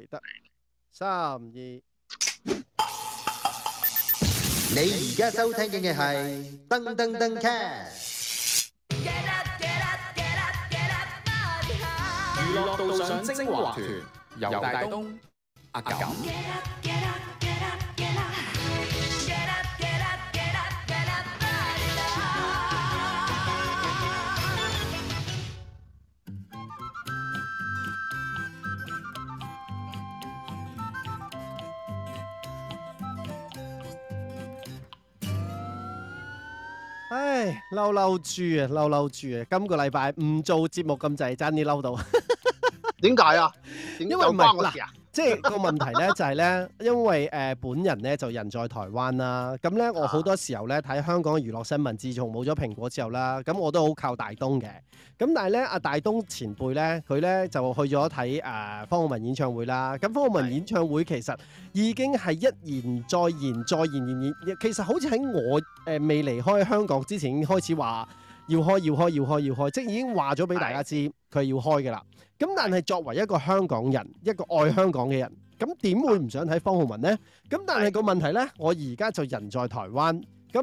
記得三二，你而家收聽緊嘅係《噔噔噔 Cat》。娛樂道上精華團，由大東、阿狗。嬲嬲住啊，嬲嬲住啊！今個禮拜唔做節目咁滯，差啲嬲到，點解啊？為 因為我事啊。 即係個問題呢，就係、是、呢，因為誒、呃、本人呢，就人在台灣啦，咁呢，我好多時候呢，睇香港娛樂新聞，自從冇咗蘋果之後啦，咁我都好靠大東嘅。咁但係呢，阿、啊、大東前輩呢，佢呢，就去咗睇誒方皓玟演唱會啦。咁方皓玟演唱會其實已經係一言再言再言言言，其實好似喺我誒、呃、未離開香港之前，已經開始話要，要開要開要開要開，即已經話咗俾大家知。佢要開嘅啦，咁但係作為一個香港人，一個愛香港嘅人，咁點會唔想睇方皓玟呢？咁但係個問題呢，我而家就人在台灣，咁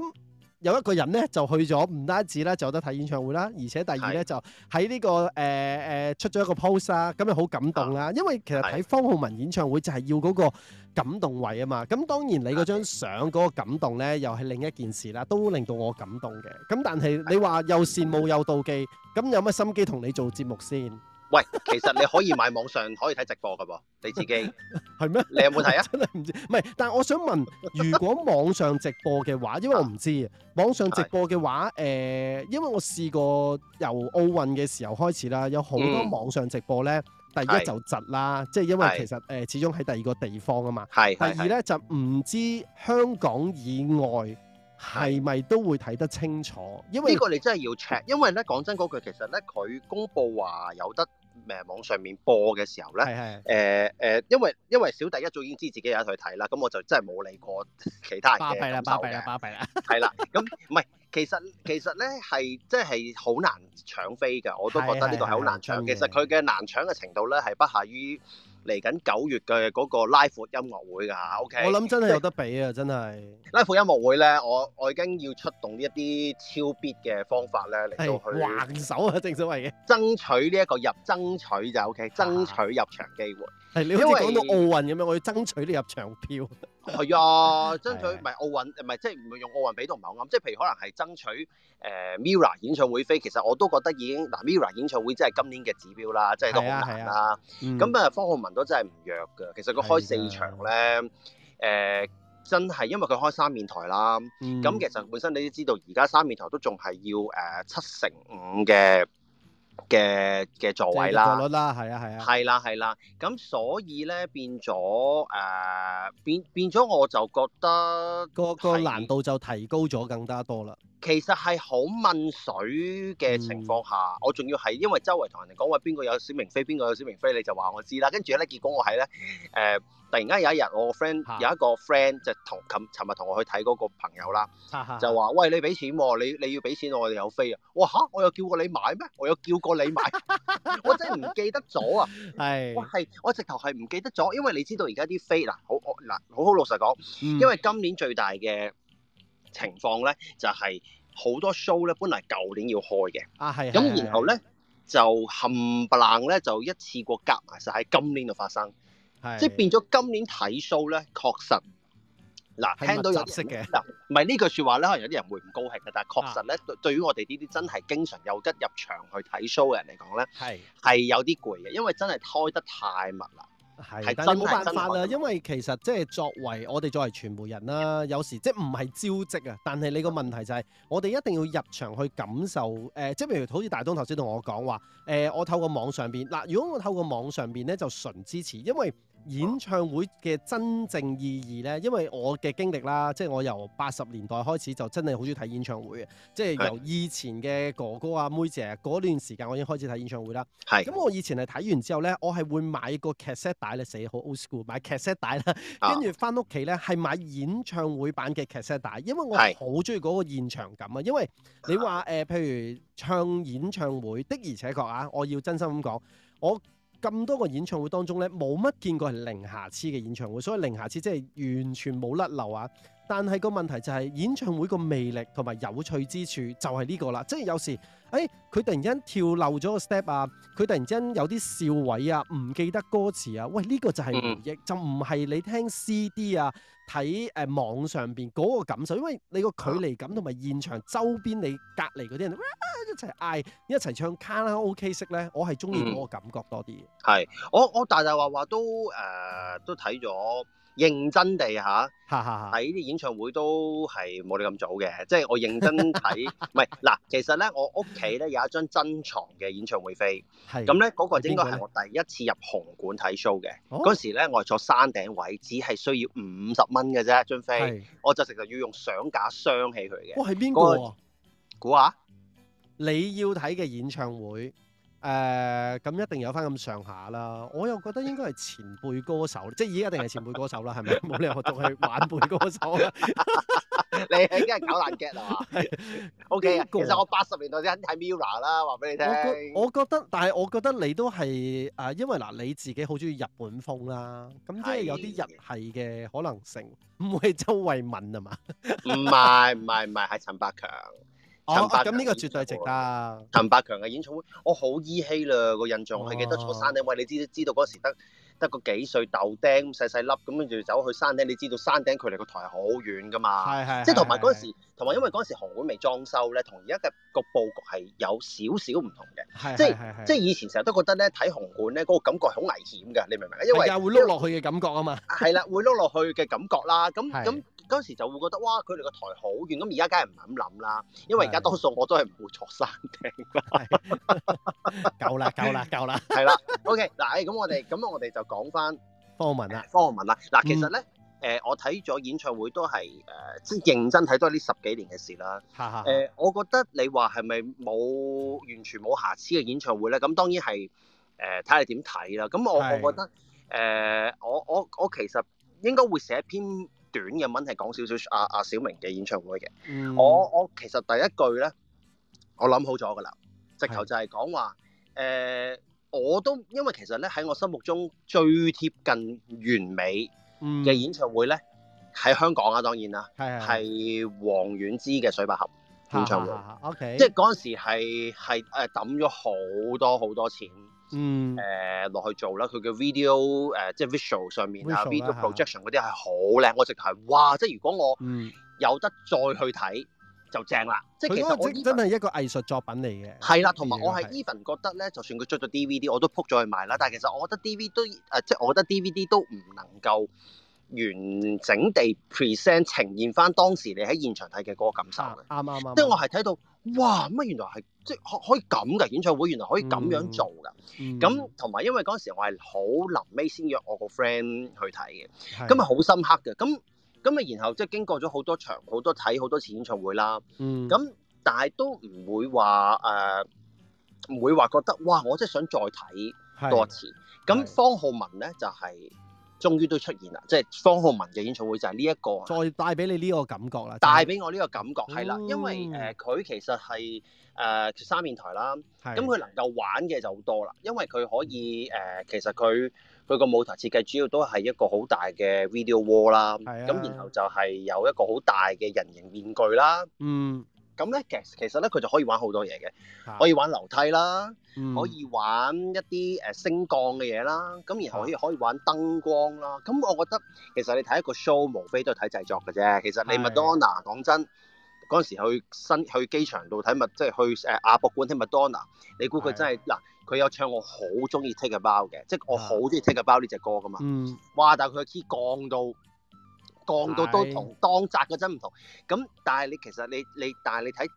有一個人呢，就去咗，唔單止啦，就有得睇演唱會啦，而且第二呢，就喺呢、呢個誒誒、呃、出咗一個 post 啊，咁又好感動啦，因為其實睇方皓玟演唱會就係要嗰、嗰個。感動位啊嘛，咁當然你嗰張相嗰個感動呢，又係另一件事啦，都令到我感動嘅。咁但係你話又羨慕又妒忌，咁有乜心機同你做節目先？喂，其實你可以買網上可以睇直播噶噃， 你自己係咩？嗎你有冇睇啊？ 真係唔知，唔係，但係我想問，如果網上直播嘅話，因為我唔知、 啊、網上直播嘅話，誒、呃，因為我試過由奧運嘅時候開始啦，有好多網上直播呢。嗯第一就窒啦，即係是因為其實誒始終喺第二個地方啊嘛。是第二咧是就唔知香港以外係咪都會睇得清楚，是因為，因為呢個你真係要 check。因為咧講真嗰句，其實咧佢公佈話有得誒網上面播嘅時候咧，誒誒，因為因為小弟一早已經知自己有去睇啦，咁我就真係冇理過其他人。手嘅。巴閉啦，巴閉啦，巴閉啦。係啦，咁唔係。其實其實咧係即係好難搶飛噶，我都覺得呢個係好難搶。對，對對其實佢嘅難搶嘅程度咧係不下於嚟緊九月嘅嗰個拉闊音樂會噶 O K，我諗真係有得比啊，就是、真係的。拉闊音樂會咧，我我已經要出動一啲超必嘅方法咧嚟到去還手啊，正所謂嘅，爭取呢一個入，爭取就 O、OK, K，爭取入場機會。係、啊、為你好似講到奧運咁樣，我要爭取呢入場票。 係 啊，爭取唔係奧運，唔係即係唔係用奧運比都唔係好啱。即係譬如可能係爭取誒、呃、MIRROR 演唱會飛，其實我都覺得已經嗱、呃、MIRROR 演唱會即係今年嘅指標啦，即係都好難啦。咁啊，啊、嗯，方皓玟都真係唔弱㗎。其實佢開四場咧，誒、啊啊啊呃、真係因為佢開三面台啦。咁、嗯、其實本身你都知道，而家三面台都仲係要誒、呃、七成五嘅。嘅嘅座位啦，剩率啦，係啊係啊，係啦係啦，咁、啊啊啊、所以咧變咗誒、呃、變變咗，我就覺得個個難度就提高咗更加多啦。其實係好問水嘅情況下，嗯、我仲要係因為周圍同人哋講話邊個有小明飛，邊個有小明飛，你就話我知啦。跟住咧，結果我喺咧誒。呃突然間有一日，我個 friend 有一個 friend 就同琴尋日同我去睇嗰個朋友啦，就話：喂，你俾錢、啊，你你要俾錢，我哋有飛啊！我吓、啊啊，我又叫過你買咩？我有叫過你買？ 我真係唔記得咗啊 是！我係我直頭係唔記得咗，因為你知道而家啲飛嗱好我嗱好好，好老實講，因為今年最大嘅情況咧，就係、是、好多 show 咧，本嚟舊年要開嘅啊，係咁，然後咧就冚唪唥咧就一次過夾埋晒喺今年度發生。是即係變咗今年睇 show 咧，確實嗱聽到有啲，嗱唔係呢句説話咧，可能有啲人會唔高興嘅，但係確實咧，啊、對對於我哋呢啲真係經常有得入場去睇 show 嘅人嚟講咧，係係是有啲攰嘅，因為真係開得太密啦。係，但係冇辦法啦，因為其實即係作為我哋作為傳媒人啦，嗯、有時即係唔係招職啊，但係你個問題就係、是、我哋一定要入場去感受誒、呃，即係譬如好似大東頭先同我講話誒、呃，我透過網上邊嗱、呃，如果我透過網上邊咧、呃、就純支持，因為演唱會嘅真正意義呢，因為我嘅經歷啦，即係我由八十年代開始就真係好中意睇演唱會嘅，即係由以前嘅哥哥啊、妹姐啊嗰段時間，我已經開始睇演唱會啦。咁我以前係睇完之後呢，我係會買個卡式帶咧，寫好 old school，買卡式帶啦，跟住翻屋企呢，係買演唱會版嘅卡式帶，因為我好中意嗰個現場感啊。因為你話誒、呃，譬如唱演唱會的而且確啊，我要真心咁講，我，咁多個演唱會當中呢，冇乜見過係零瑕疵嘅演唱會，所以零瑕疵即係完全冇甩漏啊！但係個問題就係演唱會個魅力同埋有趣之處就係呢個啦，即係有時，誒、哎、佢突然之間跳漏咗個 step 啊，佢突然之間有啲笑位啊，唔記得歌詞啊，喂呢、呢個就係回憶，嗯、就唔係你聽 CD 啊，睇誒、呃、網上邊嗰個感受，因為你個距離感同埋、啊、現場周邊你隔離嗰啲人一齊嗌一齊唱卡拉 OK 式咧，我係中意嗰個感覺多啲。係、嗯，我我大大話話都誒、呃、都睇咗。認真地嚇，喺啲演唱會都係冇你咁早嘅，即係我認真睇，唔係嗱，其實咧我屋企咧有一張珍藏嘅演唱會飛，咁咧嗰個應該係我第一次入紅館睇 show 嘅，嗰時咧我係坐山頂位，只係需要五十蚊嘅啫張飛，的我就成日要用相架鑲起佢嘅。哇、哦，係邊個啊？估吓、那個，你要睇嘅演唱會。誒咁、呃、一定有翻咁上下啦，我又覺得應該係前輩歌手， 即係依家一定係前輩歌手啦，係咪？冇理由仲係晚輩歌手啦，你你梗係搞爛 gag 啊？OK 其實我八十年代啲肯定係 Mirror 啦，話俾你聽。我覺得，但係我覺得你都係誒、呃，因為嗱、呃、你自己好中意日本風啦，咁即係有啲日系嘅可能性，唔會係周慧敏吖嘛？唔係唔係唔係，係陳百強。咁呢、哦哦嗯這個絕對值得。陳百強嘅演唱會，我、哦、好依稀啦個印象，哦、我係記得坐山頂。喂，你知道知道嗰時得得個幾歲豆丁細細粒咁，跟住走去山頂。你知道山頂距離個台係好遠噶嘛？係係。即係同埋嗰時，同埋因為嗰時紅館未裝修咧，同而家嘅個佈局係有少少唔同嘅。係係即係以前成日都覺得咧，睇紅館咧嗰個感覺係好危險嘅，你明唔明？因為，係啊，會碌落去嘅感覺啊嘛。係啦，會碌落去嘅感覺啦。咁 咁。嗰陣時就會覺得哇！佢哋個台好遠，咁而家梗係唔肯咁諗啦？因為而家多數我都係唔會坐山頂啦的。 夠啦，夠啦，夠啦的，係啦 、okay。O K 嗱，咁我哋咁我哋就講翻方文啦，方文啦。嗱，其實咧，誒、嗯呃、我睇咗演唱會都係誒、呃、認真睇，都係呢十幾年嘅事啦。誒、 呃，我覺得你話係咪冇完全冇瑕疵嘅演唱會咧？咁當然係誒，睇、呃、你點睇啦。咁我的我覺得誒、呃，我我我，我，我其實應該會寫一篇。短嘅文係講少少阿阿小明嘅演唱會嘅，嗯、我我其實第一句咧，我諗好咗噶啦，直頭就係講話，誒的、呃，我都因為其實咧，喺我心目中最貼近完美嘅演唱會咧喺，嗯、香港啊，當然啦，係係黃菀之嘅水百合演唱會、啊、，O、okay、K，即係嗰陣時係係誒抌咗好多好多錢。嗯，誒落去做啦，佢嘅 video 誒、呃、即係 visual 上面 visual 啊，video projection 嗰啲係好靚。啊、我直頭係哇，即係如果我有得再去睇就正啦，嗯、即係其實我 even，真係一個藝術作品嚟嘅，係啦、啊，同埋我係 even 是覺得咧，就算佢著咗 DVD 我都撲咗去買啦，但係其實我覺得 DVD 誒、呃、即係我覺得 DVD 都唔能夠。完整地 present 呈現翻當時你喺現場睇嘅嗰個感受。啱啱啱。啊啊啊、即係我係睇到，哇！乜原來係即係可可以咁嘅演唱會，原來可以咁樣做㗎。咁同埋因為嗰陣時我係好臨尾先約我個 friend 去睇嘅，咁咪好深刻嘅。咁咁咪然後即係經過咗好多場，好多睇好多次演唱會啦。咁、嗯、但係都唔會話誒，唔、呃、會話覺得哇！我真係想再睇多次。咁的方皓玟咧就係、是。終於都出現啦！即係方皓玟嘅演唱會就係呢一個，再帶俾你呢個感覺啦，帶俾我呢個感覺，係啦、嗯，因為誒佢、呃、其實係誒、呃、三面台啦，咁佢的能夠玩嘅就好多啦，因為佢可以誒、呃，其實佢佢個舞台設計主要都係一個好大嘅 video wall 啦，咁的然後就係有一個好大嘅人形面具啦，嗯。咁咧，其實其實咧，佢就可以玩好多嘢嘅，啊、可以玩樓梯啦，嗯、可以玩一啲誒升降嘅嘢啦，咁然後可以可以玩燈光啦。咁、啊、我覺得其實你睇一個 show，無非都係睇製作嘅啫。其實你麥是當娜講真，嗰陣時去新去機場度睇麥，即係去誒亞、呃、博館睇麥當娜。你估佢真係嗱？佢、呃呃、有唱我好鍾意 Take a Bow 嘅，即係我好鍾意 Take a Bow 呢隻歌㗎嘛、嗯。哇！但係佢個 key 降到～降到都同當集嗰陣唔同，咁但係你其實你你，但係你睇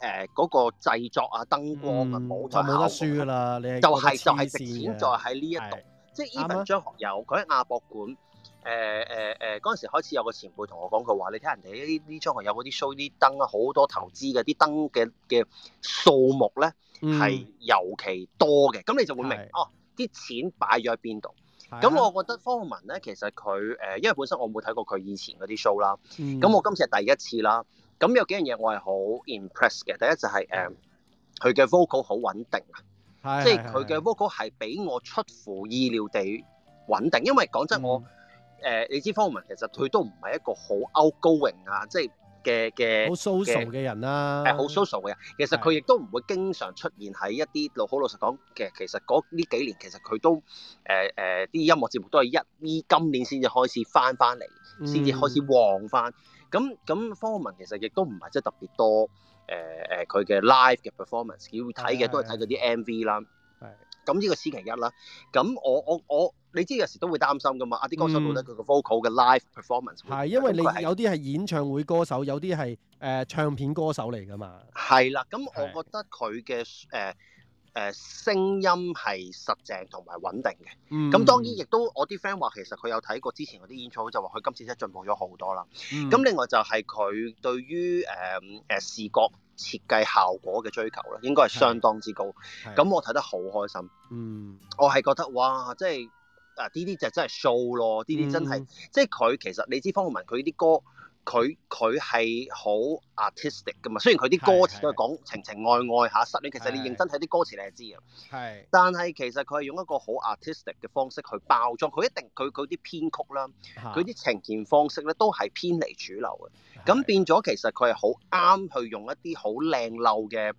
誒嗰個製作啊、燈光啊，冇得輸㗎啦。呢、啊、就係就係值錢就在喺呢一度，即係依份張學友佢喺吧亞博館誒誒誒嗰陣時開始有個前輩同我講，佢話你睇人哋呢呢張學友嗰啲 show 啲燈啊，好多投資嘅，啲燈嘅嘅數目咧係、嗯、尤其多嘅，咁你就會明哦，啲對、啊啊、錢擺咗喺邊度。咁我覺得方皓玟咧，其實佢誒、呃，因為本身我冇睇過佢以前嗰啲 show 啦、嗯，咁我今次係第一次啦，咁有幾樣嘢我係好 impress 嘅，第一就係、是、誒，佢、呃、嘅 vocal 好穩定啊，嗯、即係佢嘅 vocal 係比我出乎意料地穩定，因為講真我誒、嗯呃，你知方皓玟其實佢都唔係一個好 outgoing 啊，即係。嘅嘅好 social 嘅人啦、啊，係好 social 嘅人。其實佢亦都唔會經常出現喺一啲老好老實講嘅。其實嗰呢幾年其實佢都誒誒啲音樂節目都係一呢今年先至開始返返嚟，先至開始旺返。咁咁方文其實亦都唔係真係特別多誒誒佢嘅 live 嘅 performance。要睇嘅都係睇佢啲 MV 啦。咁呢個先其一啦。咁我我我，你知有時都會擔心噶嘛？啊啲歌手到得佢個 vocal 嘅 live performance 係因為你有啲係演唱會歌手，有啲係誒唱片歌手嚟噶嘛？係啦。咁、嗯、我覺得佢嘅誒。呃誒聲、呃、音係實淨同埋穩定嘅，咁、嗯、當然亦都我啲 friend 話其實佢有睇過之前嗰啲演唱會，就話佢今次真係進步咗好多啦。咁、嗯、另外就係佢對於誒誒視覺設計效果嘅追求咧，應該係相當之高。咁我睇得好開心，嗯，我係覺得哇，即係啊，啲、呃、啲就真係 show 咯，啲啲真係、嗯、即係佢其實你知方皓玟佢啲歌。佢佢係好 artistic 㗎嘛，雖然佢啲歌詞都係講情情愛愛嚇、啊、失戀，其實你認真睇啲歌詞你係知嘅。係，但係其實佢係用一個好 artistic 嘅方式去包裝，佢一定佢啲編曲啦，佢啲、啊、呈現方式咧都係偏離主流嘅。咁是變咗其實佢係好啱去用一啲好靚陋嘅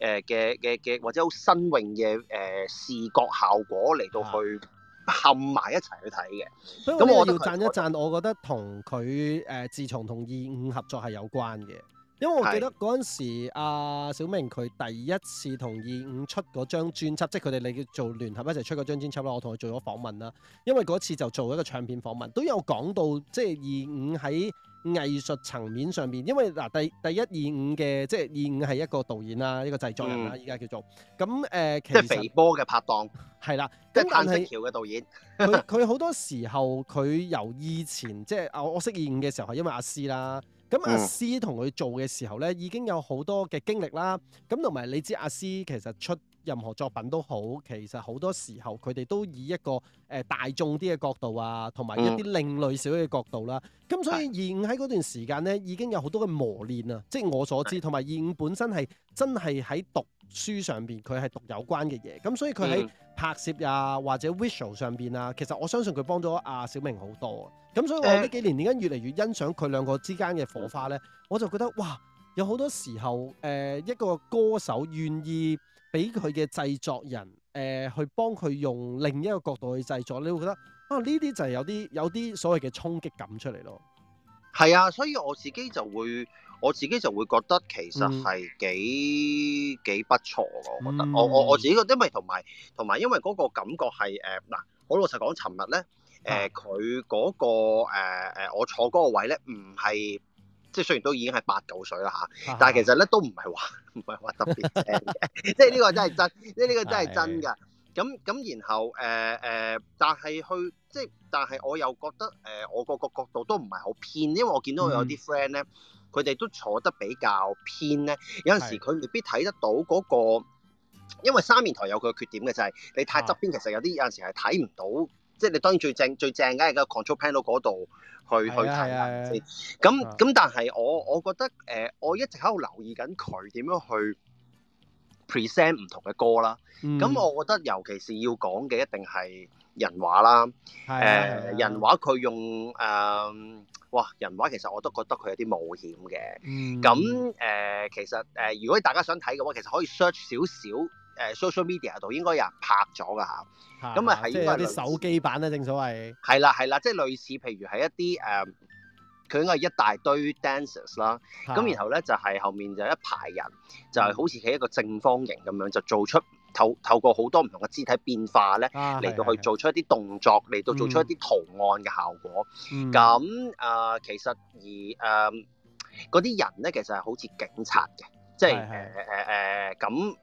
誒嘅嘅嘅，或者好新穎嘅誒、呃、視覺效果嚟到去。啊冚埋一齊去睇嘅，所以咁我要讚一讚，我覺得同佢誒，自從同二五合作係有關嘅，因為我記得嗰陣時阿是、啊、小明佢第一次同二五出嗰張專輯，即係佢哋你叫做聯合一齊出嗰張專輯啦，我同佢做咗訪問啦，因為嗰次就做一個唱片訪問，都有講到即係二五喺藝術層面上面，因為嗱第第一第二五嘅即係二五係一個導演啦，一個製作人啦，依家叫做咁誒，即係肥波嘅拍檔係啦，即但係橋嘅導演，佢佢好多時候佢由以前即係我我識二五嘅時候係因為阿 C 啦，咁阿 C 同佢做嘅時候咧已經有好多嘅經歷啦，咁同埋你知阿 C 其實出任何作品都好，其實好多時候佢哋都以一個誒、呃、大眾啲嘅角度啊，同埋一啲另類少嘅角度啦、啊。咁、嗯、所以二五喺嗰段時間咧，已經有好多嘅磨練啊。即係我所知，同埋二五本身係真係喺讀書上邊，佢係讀有關嘅嘢。咁所以佢喺拍攝啊，或者 visual 上邊啊，其實我相信佢幫咗阿小明好多啊。咁所以我呢幾年點解越嚟越欣賞佢兩個之間嘅火花咧，我就覺得哇，有好多時候誒、呃、一個歌手願意，俾佢嘅製作人，誒、呃、去幫佢用另一個角度去製作，你會覺得啊，呢啲就係有啲有啲所謂嘅衝擊感出嚟咯。係啊，所以我自己就會我自己就會覺得其實係幾、嗯、幾不錯嘅。我覺得、嗯、我我我自己因為同埋同埋因為嗰個感覺係誒嗱，我老實講，尋日咧誒佢嗰個誒、呃、我坐嗰個位咧唔係。即係雖然都已經係八九歲啦嚇，但係其實咧都唔係話唔係話特別，即係呢個真係真，即係呢個真係真㗎。咁咁 然後誒誒、呃呃，但係去即係，但係我又覺得誒、呃，我個角度都唔係好偏，因為我見到我有啲 friend 咧，佢哋都坐得比較偏咧，有陣時佢未必睇得到嗰、那個， 因為三面台有佢嘅缺點嘅就係、是、你太側邊， 其實有啲有陣時係睇唔到。即係你當然最正最正梗、啊、係、那個 control panel 嗰度去、啊、去睇先，咁咁、啊啊嗯、但係我我覺得誒、呃，我一直喺度留意緊佢點樣去 present 唔同嘅歌啦。咁我覺得尤其是要講嘅一定係人話啦，誒人話佢用誒、呃、哇人話其實我都覺得佢有啲冒險嘅。咁誒、嗯嗯呃、其實誒、呃，如果大家想睇嘅話，其實可以 search 少少。誒 social media 度應該有人拍咗㗎嚇，咁啊係即係啲手機版咧、啊，正所謂係啦係啦，即係類似譬如係一啲誒，佢、呃、應該係一大堆 dancers 啦，咁的然後咧就係、是、後面就一排人，就係、是、好似企一個正方形咁樣，就做出透透過好多唔同嘅肢體變化咧嚟到去做出一啲動作，嚟的到做出一啲圖案嘅效果。咁啊、嗯呃，其實而誒嗰啲人咧，其實係好似警察嘅。即係誒誒誒，咁、就是呃呃呃、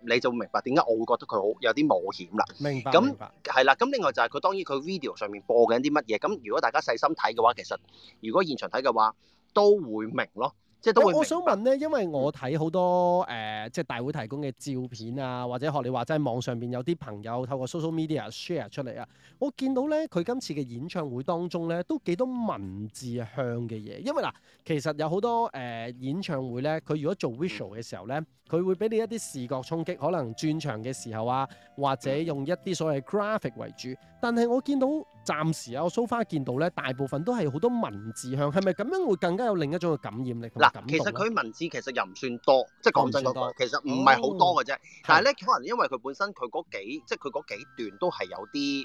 你就明白點解我會覺得佢好有啲冒險啦。明白，咁係啦。咁另外就係佢，當然佢 video 上面播緊啲乜嘢。咁如果大家細心睇嘅話，其實如果現場睇嘅話，都會明咯。即係，我想問咧，因為我睇好多誒、呃，即係大會提供嘅照片啊，或者學你話齋網上邊有啲朋友透過 social media share 出嚟啊，我見到咧佢今次嘅演唱會當中咧，都幾多文字向嘅嘢，因為嗱，其實有好多誒、呃、演唱會咧，佢如果做 visual 嘅時候咧。佢會俾你一啲視覺衝擊，可能轉場嘅時候啊，或者用一啲所謂 graphic 為主。但係我見到暫時啊，我 so far 見到咧，大部分都係好多文字向，係咪咁樣會更加有另一種嘅感染力感？嗱，其實佢文字其實又唔算多，即係講真嗰個，其實唔係好多嘅啫。嗯、但係咧，可能因為佢本身佢嗰幾，即係佢嗰幾段都係有啲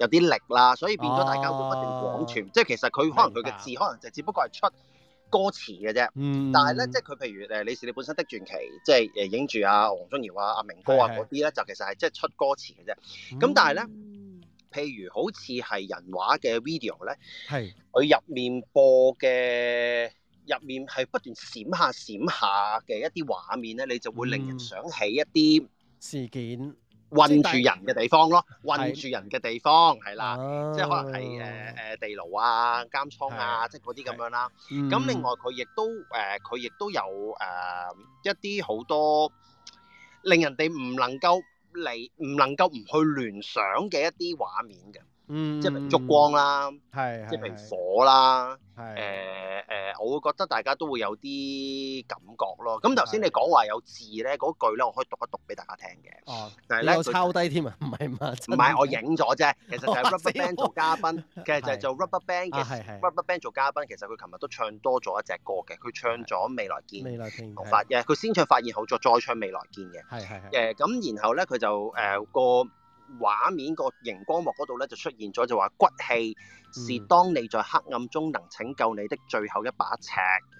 有啲力啦，所以變咗大家會不斷廣傳。啊、即係其實佢可能佢嘅字，可能就只不過係出。歌詞嘅啫，嗯、但係咧，即係佢譬如誒你是你本身的傳奇，即係誒影住阿黃宗耀啊、阿、啊、明哥啊嗰啲咧，是是就其實係即係出歌詞嘅啫。咁但係咧，嗯、譬如好似係人畫嘅 video 咧，係佢入面播嘅入面係不斷閃下閃下嘅一啲畫面咧，你就會令人想起一啲、嗯、事件。困住人嘅地方咯，困住人嘅地方係啦的，即係可能係誒誒地牢啊、監倉啊，的即係嗰啲咁樣啦、啊。咁的另外佢亦都誒，佢、呃、亦都有誒、呃、一啲好多令人哋唔能夠嚟，唔能夠唔去聯想嘅一啲畫面嘅。嗯，即係譬如燭光啦，係，即係譬如火啦，係，誒我會覺得大家都會有啲感覺咯。咁頭先你講話有字咧，嗰句咧我可以讀一讀俾大家聽嘅。哦，但係咧，我抄低添啊，唔係嘛，唔係我影咗啫。其實就 Rubberband 做嘉賓，其實就做 Rubberband 嘅 Rubberband 做嘉賓。其實佢琴日都唱多咗一隻歌嘅，佢唱咗《未來見》。未來見。嘅，佢先唱發現後，再再唱未來見嘅。係係係。咁，然後咧佢就誒個。畫面個熒光幕嗰度咧就出現咗，就話骨氣是當你在黑暗中能拯救你的最後一把尺。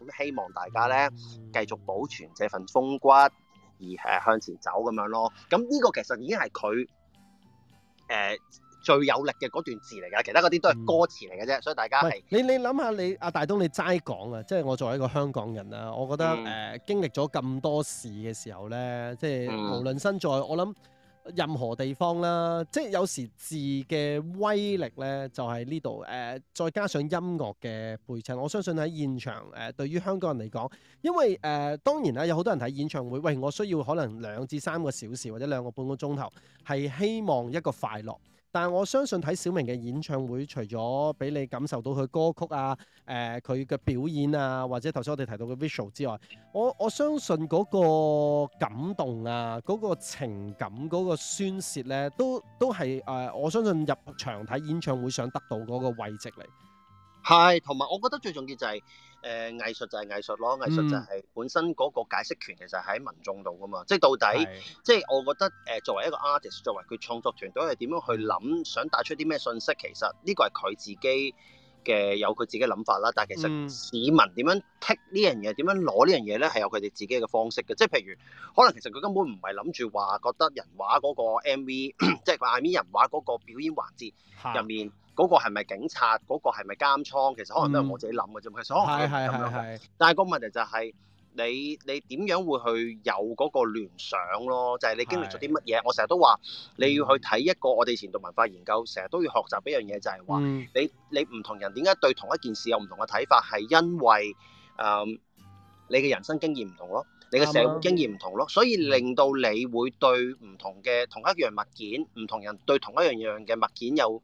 咁希望大家咧繼續保存這份風骨，而誒向前走咁樣咯。咁呢個其實已經係佢誒最有力嘅嗰段字嚟㗎，其他嗰啲都係歌詞嚟嘅啫。嗯、所以大家係你你諗下，你阿大東你齋講啊，即係我作為一個香港人啦，我覺得誒、嗯呃、經歷咗咁多事嘅時候咧，即係無論身在，嗯、我諗。任何地方啦，即係有時字嘅威力咧，就係呢度誒，再加上音樂嘅配襯，我相信喺現場誒、呃，對於香港人嚟講，因為誒、呃，當然啦，有好多人睇演唱會喂，我需要可能兩至三個小時或者兩個半個鐘頭，係希望一個快樂。但係我相信睇小明嘅演唱會，除咗俾你感受到佢歌曲啊、誒佢嘅表演啊，或者頭先我哋提到嘅 visual 之外，我我相信嗰個感動啊、嗰個情感、嗰個宣泄咧，都都係誒、呃、我相信入場睇演唱會想得到嗰個慰藉嚟。係，同埋我覺得最重要就係，誒、呃、藝術就係藝術咯，藝術就係本身嗰個解釋權其實喺民眾度噶嘛。嗯、即係到底，是即係我覺得誒、呃、作為一個 artist，作為佢創作團隊係點樣去諗，想帶出啲咩信息？其實呢個係佢自己嘅有佢自己嘅諗法啦。但係其實市民點樣 take 呢樣嘢，點樣攞呢樣嘢咧，係有佢哋自己嘅方式嘅。即係譬如，可能其實佢根本唔係諗住話覺得人畫嗰個 MV， 即係話 I mean 人畫嗰個表演環節入面。嗯嗰個係咪警察？嗰個係咪監倉？其實可能都係我自己諗嘅啫。其實可能佢咁樣，但係個問題就係你你點樣會去有嗰個聯想咯？就係你經歷咗啲乜嘢？我成日都話你要去睇一個我哋前度文化研究成日都要學習一樣嘢，就係話你你唔同人點解對同一件事有唔同嘅睇法，係因為誒你嘅人生經驗唔同咯，你嘅社會經驗唔同咯，所以令到你會對唔同嘅同一樣物件，唔同人對同一樣樣嘅物件有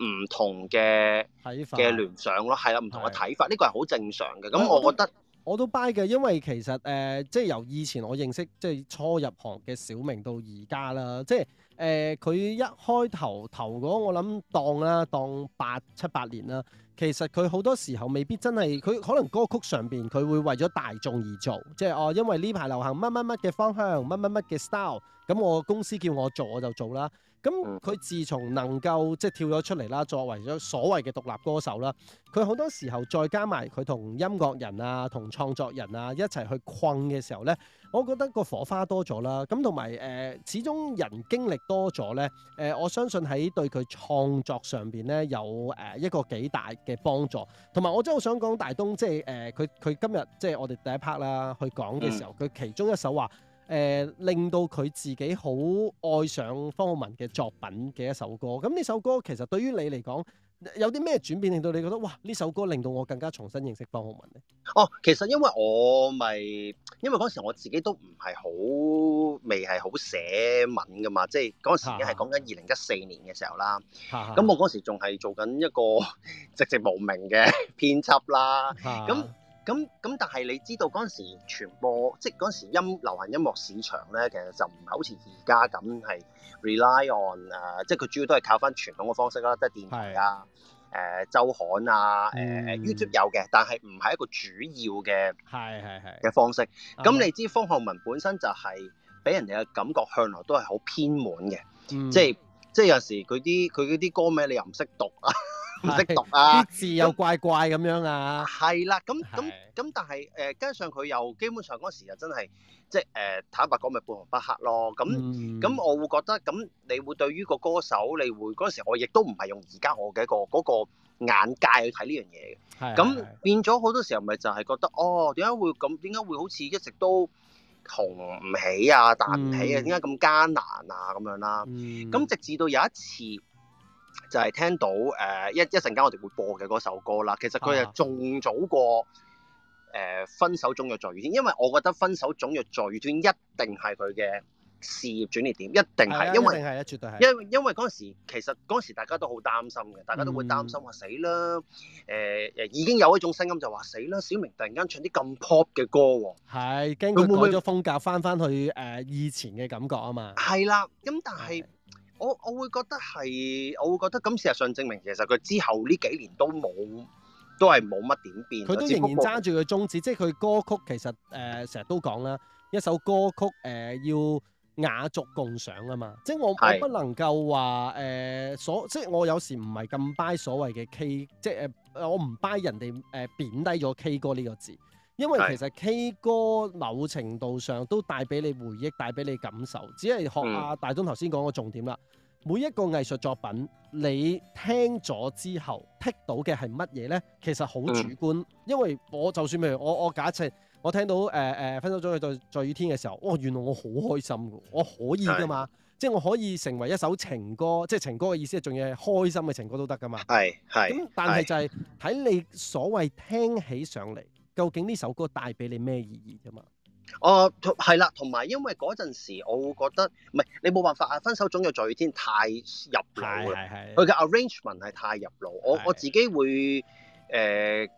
唔同嘅睇法嘅聯想咯，係啦，唔同嘅睇法，呢個係好正常嘅。咁我，也我覺得我都 buy 嘅，因為其實誒、呃，即係由以前我認識，即係初入行嘅小明到而家啦，即係誒，佢、呃、一開頭投嗰我諗當啦，當八七八年啦，其實佢好多時候未必真係，佢可能歌曲上面佢會為咗大眾而做，即係哦，因為呢排流行乜乜乜嘅方向，乜乜乜嘅 style，咁我公司叫我做我就做啦。咁佢自從能夠即係跳咗出嚟啦，作為咗所謂嘅獨立歌手啦，佢好多時候再加埋佢同音樂人啊、同創作人啊一齊去困嘅時候咧，我覺得個火花多咗啦。咁同埋誒，始終人經歷多咗咧，誒、呃，我相信喺對佢創作上面咧有誒一個幾大嘅幫助。同埋我真係好想講大東，即係誒佢佢今日即係我哋第一 part 啦，去講嘅時候，佢其中一首話，誒令到佢自己好愛上方皓玟嘅作品嘅一首歌，咁呢首歌其實對於你嚟講有啲咩轉變令到你覺得哇呢首歌令到我更加重新認識方皓玟呢？」「哦，其實因為我咪、就是、因為嗰時我自己都唔係好未係好寫文㗎嘛，即係嗰時已經係講緊二零一四年嘅時候啦。咁我嗰時仲係做緊一個寂寂無名嘅編輯啦。咁、啊咁咁、嗯，但係你知道嗰陣時傳播，即係嗰陣時音流行音樂市場咧，其實就唔係好似而家咁係 rely on 啊、呃，即係佢主要都係靠翻傳統嘅方式啦，即係電台啊、誒週是、呃、刊啊、誒、嗯啊、YouTube 有嘅，但係唔係一個主要嘅係係係嘅方式。咁、嗯、你知方皓玟本身就係俾人哋嘅感覺向來都係好偏門嘅、嗯，即係即係有時佢啲佢啲歌名你又唔識讀啊。 唔識讀啊！啲字又怪怪咁樣啊！係、嗯、啦，咁咁咁，但係誒，加上佢又基本上嗰時就真係即係誒，坦白講咪半紅不黑咯。咁、嗯、咁，我會覺得咁，你會對於個歌手，你會嗰時我亦都唔係用而家我嘅一個嗰、嗰個、眼界去睇呢樣嘢嘅。咁的變咗好多時候，咪就係覺得哦，點解會咁？點解會好似一直都紅唔起啊，彈唔起啊？點解咁艱難啊？咁樣啦、啊。咁、嗯嗯、直至到有一次。就係聽到誒、呃、一一陣間我哋會播嘅嗰首歌啦，其實佢係仲早過誒、呃、分手總得在雨天，因為我覺得分手總得在雨天一定係佢嘅事業轉折點，一定係、嗯，一定係啊，絕對係，因因為嗰陣時其實陣時大家都好擔心嘅，大家都會擔心話死啦，誒、呃、誒已經有一種聲音就話、是、死啦，小明突然間唱啲咁 pop 嘅歌喎，係，跟佢改咗風格，翻翻去誒以前嘅感覺啊嘛，係啦，咁但係。Okay. 我我會覺得係我會覺得咁事實上證明，其實佢之後呢幾年都冇，都係冇乜點變，佢都仍然揸住佢宗旨，即係佢歌曲其實誒成日都講啦，一首歌曲誒、呃、要雅俗共賞啊嘛，即係我我不能夠話誒所，即係我有時唔係咁 buy 所謂嘅 K，即係誒、呃、我唔 buy 人哋誒貶低咗 K 歌呢個字。因為其實 K 歌某程度上都帶俾你回憶，帶俾你感受。只係學阿大東頭先講個重點啦。嗯、每一個藝術作品你聽咗之後剔到嘅係乜嘢呢？其實好主觀，嗯、因為我就算譬如我我，我假設我聽到誒誒、呃、分手總要在在雨天嘅時候，哦，原來我好開心我可以㗎嘛，是即係我可以成為一首情歌，即係情歌嘅意思係仲要係開心嘅情歌都得㗎嘛。係係但係就係喺你所謂聽起上嚟。究竟呢首歌帶俾你咩意義啫嘛？哦，係啦，同埋因為嗰陣時我會覺得，唔係你冇辦法啊，分手總有在雨天太入腦啦。佢嘅是 arrangement 係太入腦。是是我我自己會誒誒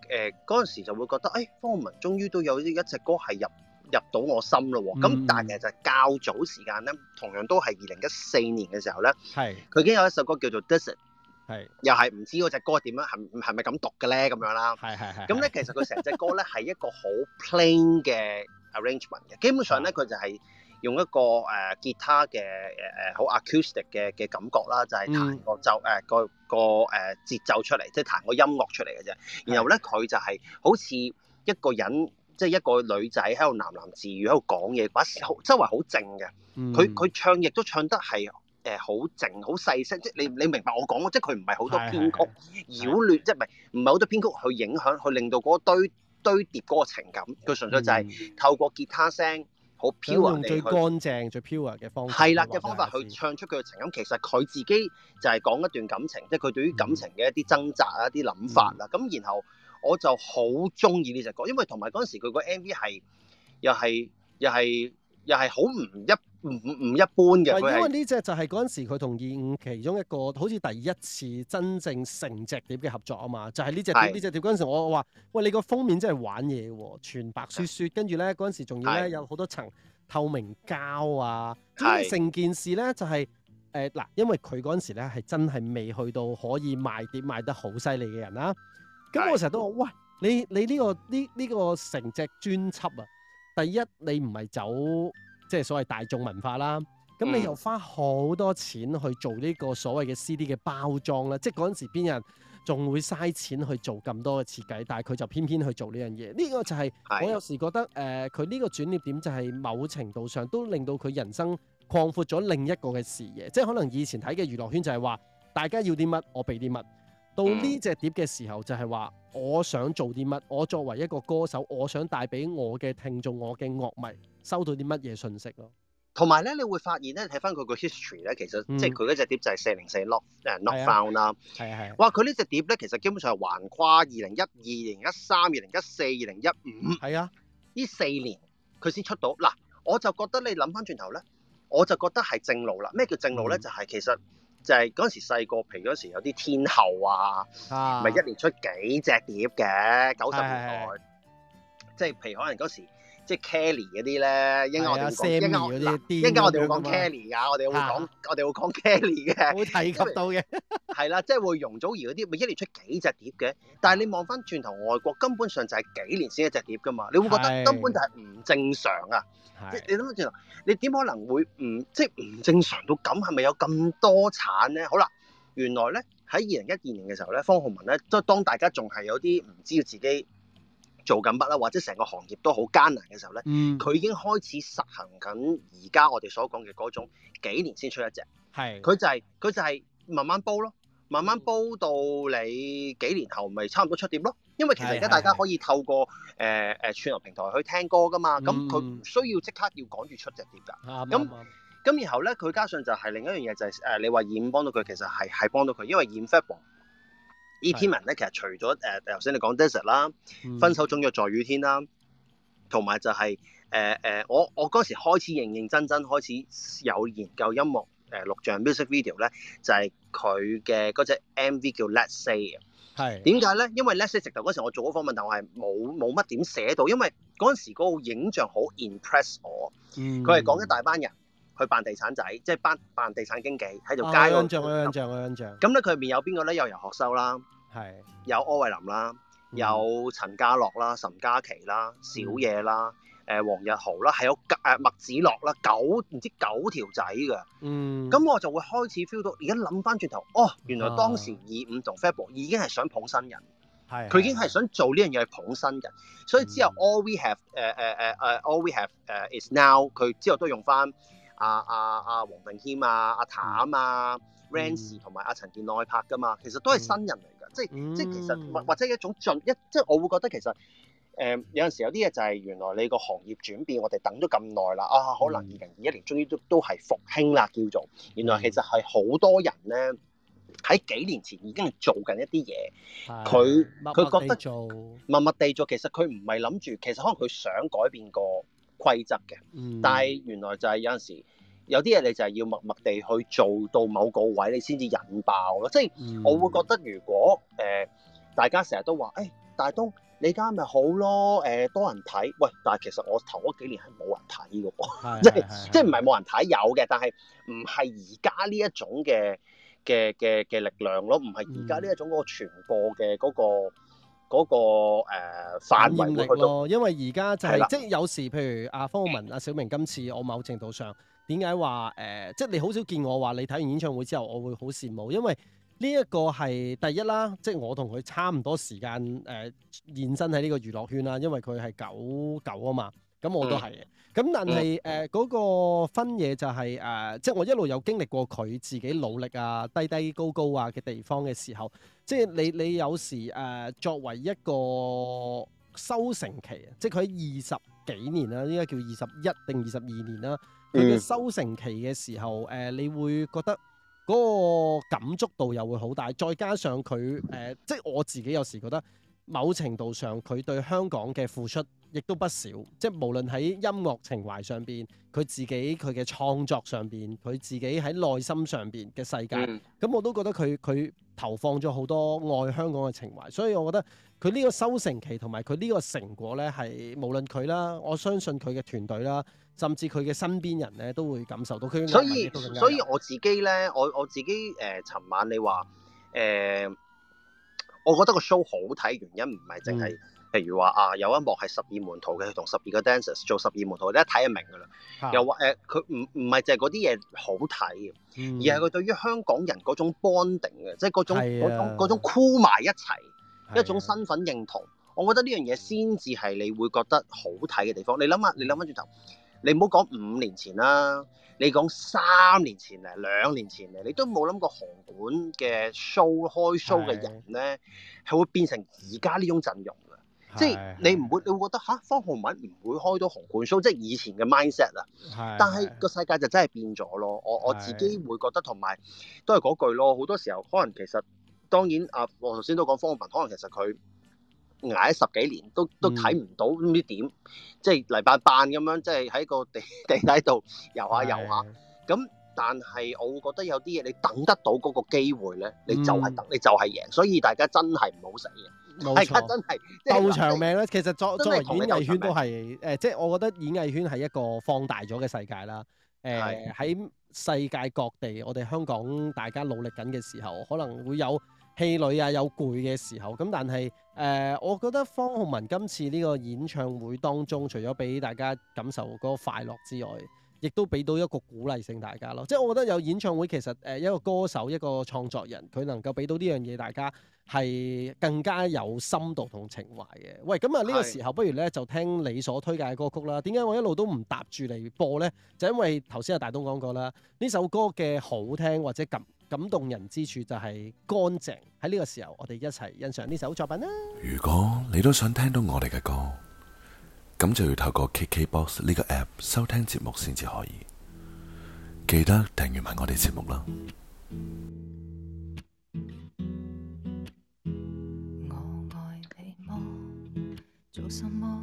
嗰陣時就會覺得，誒、哎、方文終於都有一隻歌係入入到我心咯咁、嗯、但係其實較早時間咧，同樣都係二零一四年嘅時候咧，係佢已經有一首歌叫做《Dt'z it》。又係唔知嗰隻歌點樣係係咪咁讀嘅咧咁樣啦。係係係。咁 咧樂其實佢成隻歌咧係 一個好 plain 嘅 arrangement 嘅。基本上咧佢、嗯、就係用一個誒、呃、吉他嘅誒誒、呃、好 acoustic 嘅嘅感覺啦，就係、是、彈個奏誒、嗯呃、個個誒節奏出嚟，即係彈個音樂出嚟嘅啫。然後咧佢是 就係好似一個人，即、就、係、是、一個女仔喺度喃喃自語喺度講嘢，把周圍好靜嘅。佢佢唱亦都唱，唱得係。誒好靜，好細聲，即係你你明白我講嘅，即係佢唔係好多編曲擾亂，即係唔係唔係好多編曲去影響，去令到嗰堆堆疊嗰個情感。佢純粹就係透過吉他聲好 pure 最乾淨、最 pure 嘅方法，係啦嘅方法去唱出佢嘅情感。其實佢自己就係講一段感情，即係佢對於感情嘅一啲掙扎啊、一啲諗法啦。咁然後我就好中意呢首歌，因為同埋嗰陣時佢個 M V 係又係又係又係好唔一。唔唔唔一般嘅，因為呢隻就係嗰陣時佢同二五其中一個好似第一次真正成隻碟嘅合作啊嘛，就係呢隻碟呢隻的碟嗰陣時我，我我話：喂，你個封面真係玩嘢喎，全白雪雪，跟住咧嗰陣時仲要咧有好多層透明膠啊！成的件事咧就係誒嗱，因為佢嗰陣時咧係真係未去到可以賣碟賣得好犀利嘅人啦、啊。咁的我成日都話：喂，你你呢、這個呢呢、這個這個這個這個成隻專輯啊，第一你唔係走。即係所謂大眾文化啦，咁你又花好多錢去做呢個所謂嘅 CD 嘅包裝啦。即係嗰陣時邊人仲會嘥錢去做咁多嘅設計，但係佢就偏偏去做呢樣嘢。呢、這個就係我有時覺得誒，佢呢的、呃、個轉捩點就係某程度上都令到佢人生擴闊咗另一個嘅視野。即係可能以前睇嘅娛樂圈就係話，大家要啲乜我俾啲乜，到呢隻碟嘅時候就係話，我想做啲乜，我作為一個歌手，我想帶俾我嘅聽眾，我嘅樂迷，收到啲乜嘢信息咯，同埋咧，你會發現咧，睇翻佢個 history 咧，其實即係佢嗰隻碟就係四零四 lock 誒 lock down 啦，係、嗯、啊哇！佢、啊啊、呢隻碟咧，其實基本上係橫跨二零一二、二零一三、二零一四、二零一五，係啊，呢四年佢先出到。嗱，我就覺得你諗翻轉頭咧，我就覺得係正路啦。咩叫正路咧？就係、是、其實就係嗰陣時細個譬如嗰時有啲天后啊，唔係、啊、一年出幾隻碟嘅九十年代，即係譬如可能嗰時。即係 Kelly 嗰啲咧，應該我哋講，應該、啊、我哋應該講 Kelly 啊！啊我哋會講，啊、我哋會講 Kelly 嘅，會提及到嘅。係啦，即係會容祖兒嗰啲，咪一年出幾隻碟嘅？但係你望翻轉頭，外國根本上就係幾年先一隻碟噶嘛？你會覺得根本就係唔正常啊！即係你諗翻轉頭，你點可能會唔即係唔正常到咁？係咪有咁多產咧？好啦，原來咧喺二零一二年嘅時候咧，方皓玟咧都當大家仲係有啲唔知道自己。做緊乜啦？或者成個行業都好艱難嘅時候咧，佢、嗯、已經開始實行緊而家我哋所講嘅嗰種幾年先出一隻，係佢的就係、是、佢就係慢慢煲咯，慢慢煲到你幾年後咪差唔多出碟咯。因為其實而家大家可以透過誒誒的、呃呃、串流平台去聽歌㗎嘛，咁佢、嗯、唔需要即刻要趕住出隻碟㗎。咁咁然後咧，佢加上就係另一樣嘢就係、是、誒、呃、你話染幫到佢，其實係係幫到佢，因為染呢篇文咧，e、man，其實除咗誒頭先你講 Desert 啦，分手總約在雨天啦，同埋、嗯、就係誒誒我我嗰時開始認認真真開始有研究音樂誒錄像 music video 咧，就係佢嘅隻 MV 叫 Let's Say 嘅是。係點解咧？因為 Let's Say 直頭嗰時我做咗訪問，但我係冇冇乜點寫到，因為陣時嗰個影像好 impress 我。嗯，佢係講一大班人。佢辦地產仔，即係班辦地產經紀喺度街。印、啊、象，印面、啊、象，咁、啊、咧。佢入面有邊個咧？有游學修啦，係中文有柯煒林啦，有陳家樂啦，岑珈其啦，小野啦，誒黃、嗯呃、日豪啦，係有誒麥子樂啦，九唔知九條仔㗎。嗯，咁我就會開始 feel 到而家諗翻轉頭，哦、喔，原來當時二五同 Fable 已經係想捧新人，係佢、嗯、已經係想做呢樣嘢去捧新人，所以之後 all we have 誒誒誒誒 all we have 誒 is now 佢之後都用翻。啊啊啊！黃、啊啊、定軒啊、阿譚啊、Rance 同埋阿陳建樂拍㗎嘛，其實都係新人嚟㗎、嗯，即係即係其實或或者一種進一，即係我會覺得其實誒、呃、有陣時有啲嘢就係原來你個行業轉變我，我哋等咗咁耐啦啊，可能二零二一年終於都都係復興啦叫做，原來其實係好多人呢喺幾年前已經係做緊一啲嘢，佢佢的覺得密密做，默默地做，其實佢唔係諗住，其實可能佢想改變個。規則嘅，嗯、但係原來就係有陣時有啲嘢你就係要默默地去做到某個位，你先至引爆咯。即係、嗯、我會覺得，如果誒、呃、大家成日都話，誒、哎、大東你而家咪好咯，誒、呃、多人睇，喂，但係其實我頭嗰幾年係冇人睇嘅噃，是是是 即係是即係唔係冇人睇有嘅，但係唔係而家呢一種嘅嘅嘅嘅力量咯，唔係而家呢一種嗰個傳播嘅嗰、那個。嗯嗰、那個反應、呃、力咯，都因為而家就係、是、了即係有時，譬如阿、啊、方皓玟、阿、啊、小明今次，我某程度上點解話誒，即係你好少見我話你睇完演唱會之後，我會好羨慕，因為呢一個係第一啦，即係我同佢差唔多時間誒、呃，現身喺呢個娛樂圈啦，因為佢係九九啊嘛。咁我都係嘅，咁、嗯嗯、但係誒嗰個分野就係、是、誒、呃，即係我一路有經歷過佢自己努力啊、低低高高啊嘅地方嘅時候，即係你你有時誒、呃、作為一個收成期，即係佢喺二十幾年啦、啊，依家叫二十一定二十二年啦、啊，佢嘅、嗯、收成期嘅時候，誒、呃、你會覺得嗰個感觸度又會好大，再加上佢誒、呃，即係我自己有時覺得某程度上佢對香港嘅付出。亦都不少，即係無論喺音樂情懷上邊，佢自己佢嘅創作上邊，佢自己喺內心上邊嘅世界，咁、嗯、我都覺得佢佢投放咗好多愛香港嘅情懷，所以我覺得佢呢個收成期同埋佢呢個成果咧，係無論佢啦，我相信佢嘅團隊啦，甚至佢嘅身邊人咧，都會感受到佢。所以所以，所以我自己咧，我我自己誒尋、呃、晚你話誒、呃，我覺得個 show 好睇，原因唔係淨係。譬如話啊，有一幕係十二門徒嘅，佢同十二個 dancers 做十二門徒，你一睇就明噶啦。啊、又話誒，佢唔唔係就係嗰啲嘢好睇，嗯、而係佢對於香港人嗰種 bonding 嘅，即係嗰種嗰種嗰種箍埋一齊、啊、一種身份認同。我覺得呢樣嘢先至係你會覺得好睇嘅地方。你諗下，你諗翻轉頭，你唔好講五年前啦，你講三年前嚟，兩年前嚟，你都冇諗過紅館嘅 show 開 show 嘅人咧，係會變成而家呢種陣容。即係你唔會，是是你會覺得嚇方皓玟唔會開到紅館 show，即係以前嘅 mindset 啊。是是但係個世界就真係變咗咯。我我自己會覺得，同埋都係嗰句咯。好多時候可能其實當然啊，我頭先都講方皓玟，可能其實佢捱咗十幾年都都睇唔到呢啲點，即係泥拜板咁樣，即係喺個地地，地底度遊下游下。咁是、嗯、但係我會覺得有啲嘢你等得到嗰個機會咧，你就係等，你就係贏。所以大家真係唔好死嘅。冇錯，真係鬥長命咧。其實作作為演藝圈都係誒、呃，即係我覺得演藝圈係一個放大咗嘅世界啦。誒喺的、呃、世界各地，我哋香港大家努力緊嘅時候，可能會有氣餒啊，有攰嘅時候。咁但係誒、呃，我覺得方皓玟今次呢個演唱會當中，除咗俾大家感受嗰個快樂之外，亦都俾到一個鼓勵性大家咯。即係我覺得有演唱會，其實誒、呃、一個歌手一個創作人，佢能夠俾到呢樣嘢大家。係更加有深度同情懷嘅。喂，咁啊呢個時候，不如咧就聽你所推介嘅歌曲啦。點解我一路都唔搭住嚟播呢？就因為頭先阿大東講過啦，呢首歌嘅好聽或者感感動人之處就係乾淨。喺呢個時候，我哋一齊欣賞呢首作品啦。如果你都想聽到我哋嘅歌，咁就要透過 KKBOX 呢個 App 收聽節目先至可以。記得訂閱埋我哋節目啦。做什麼？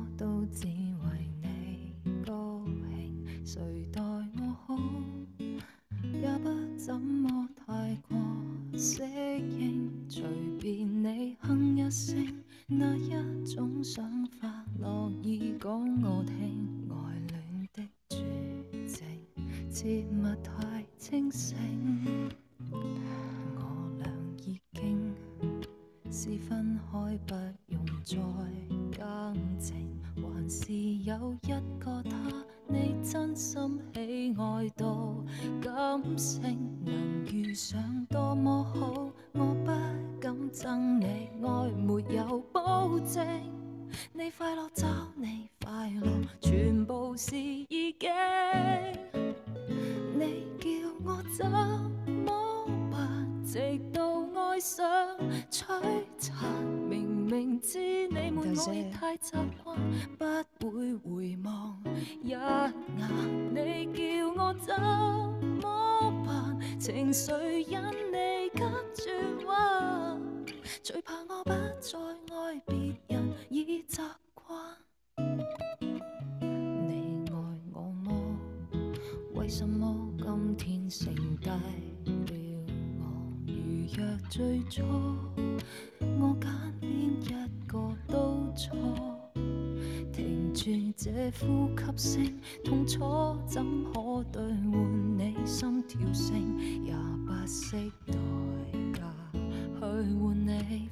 娛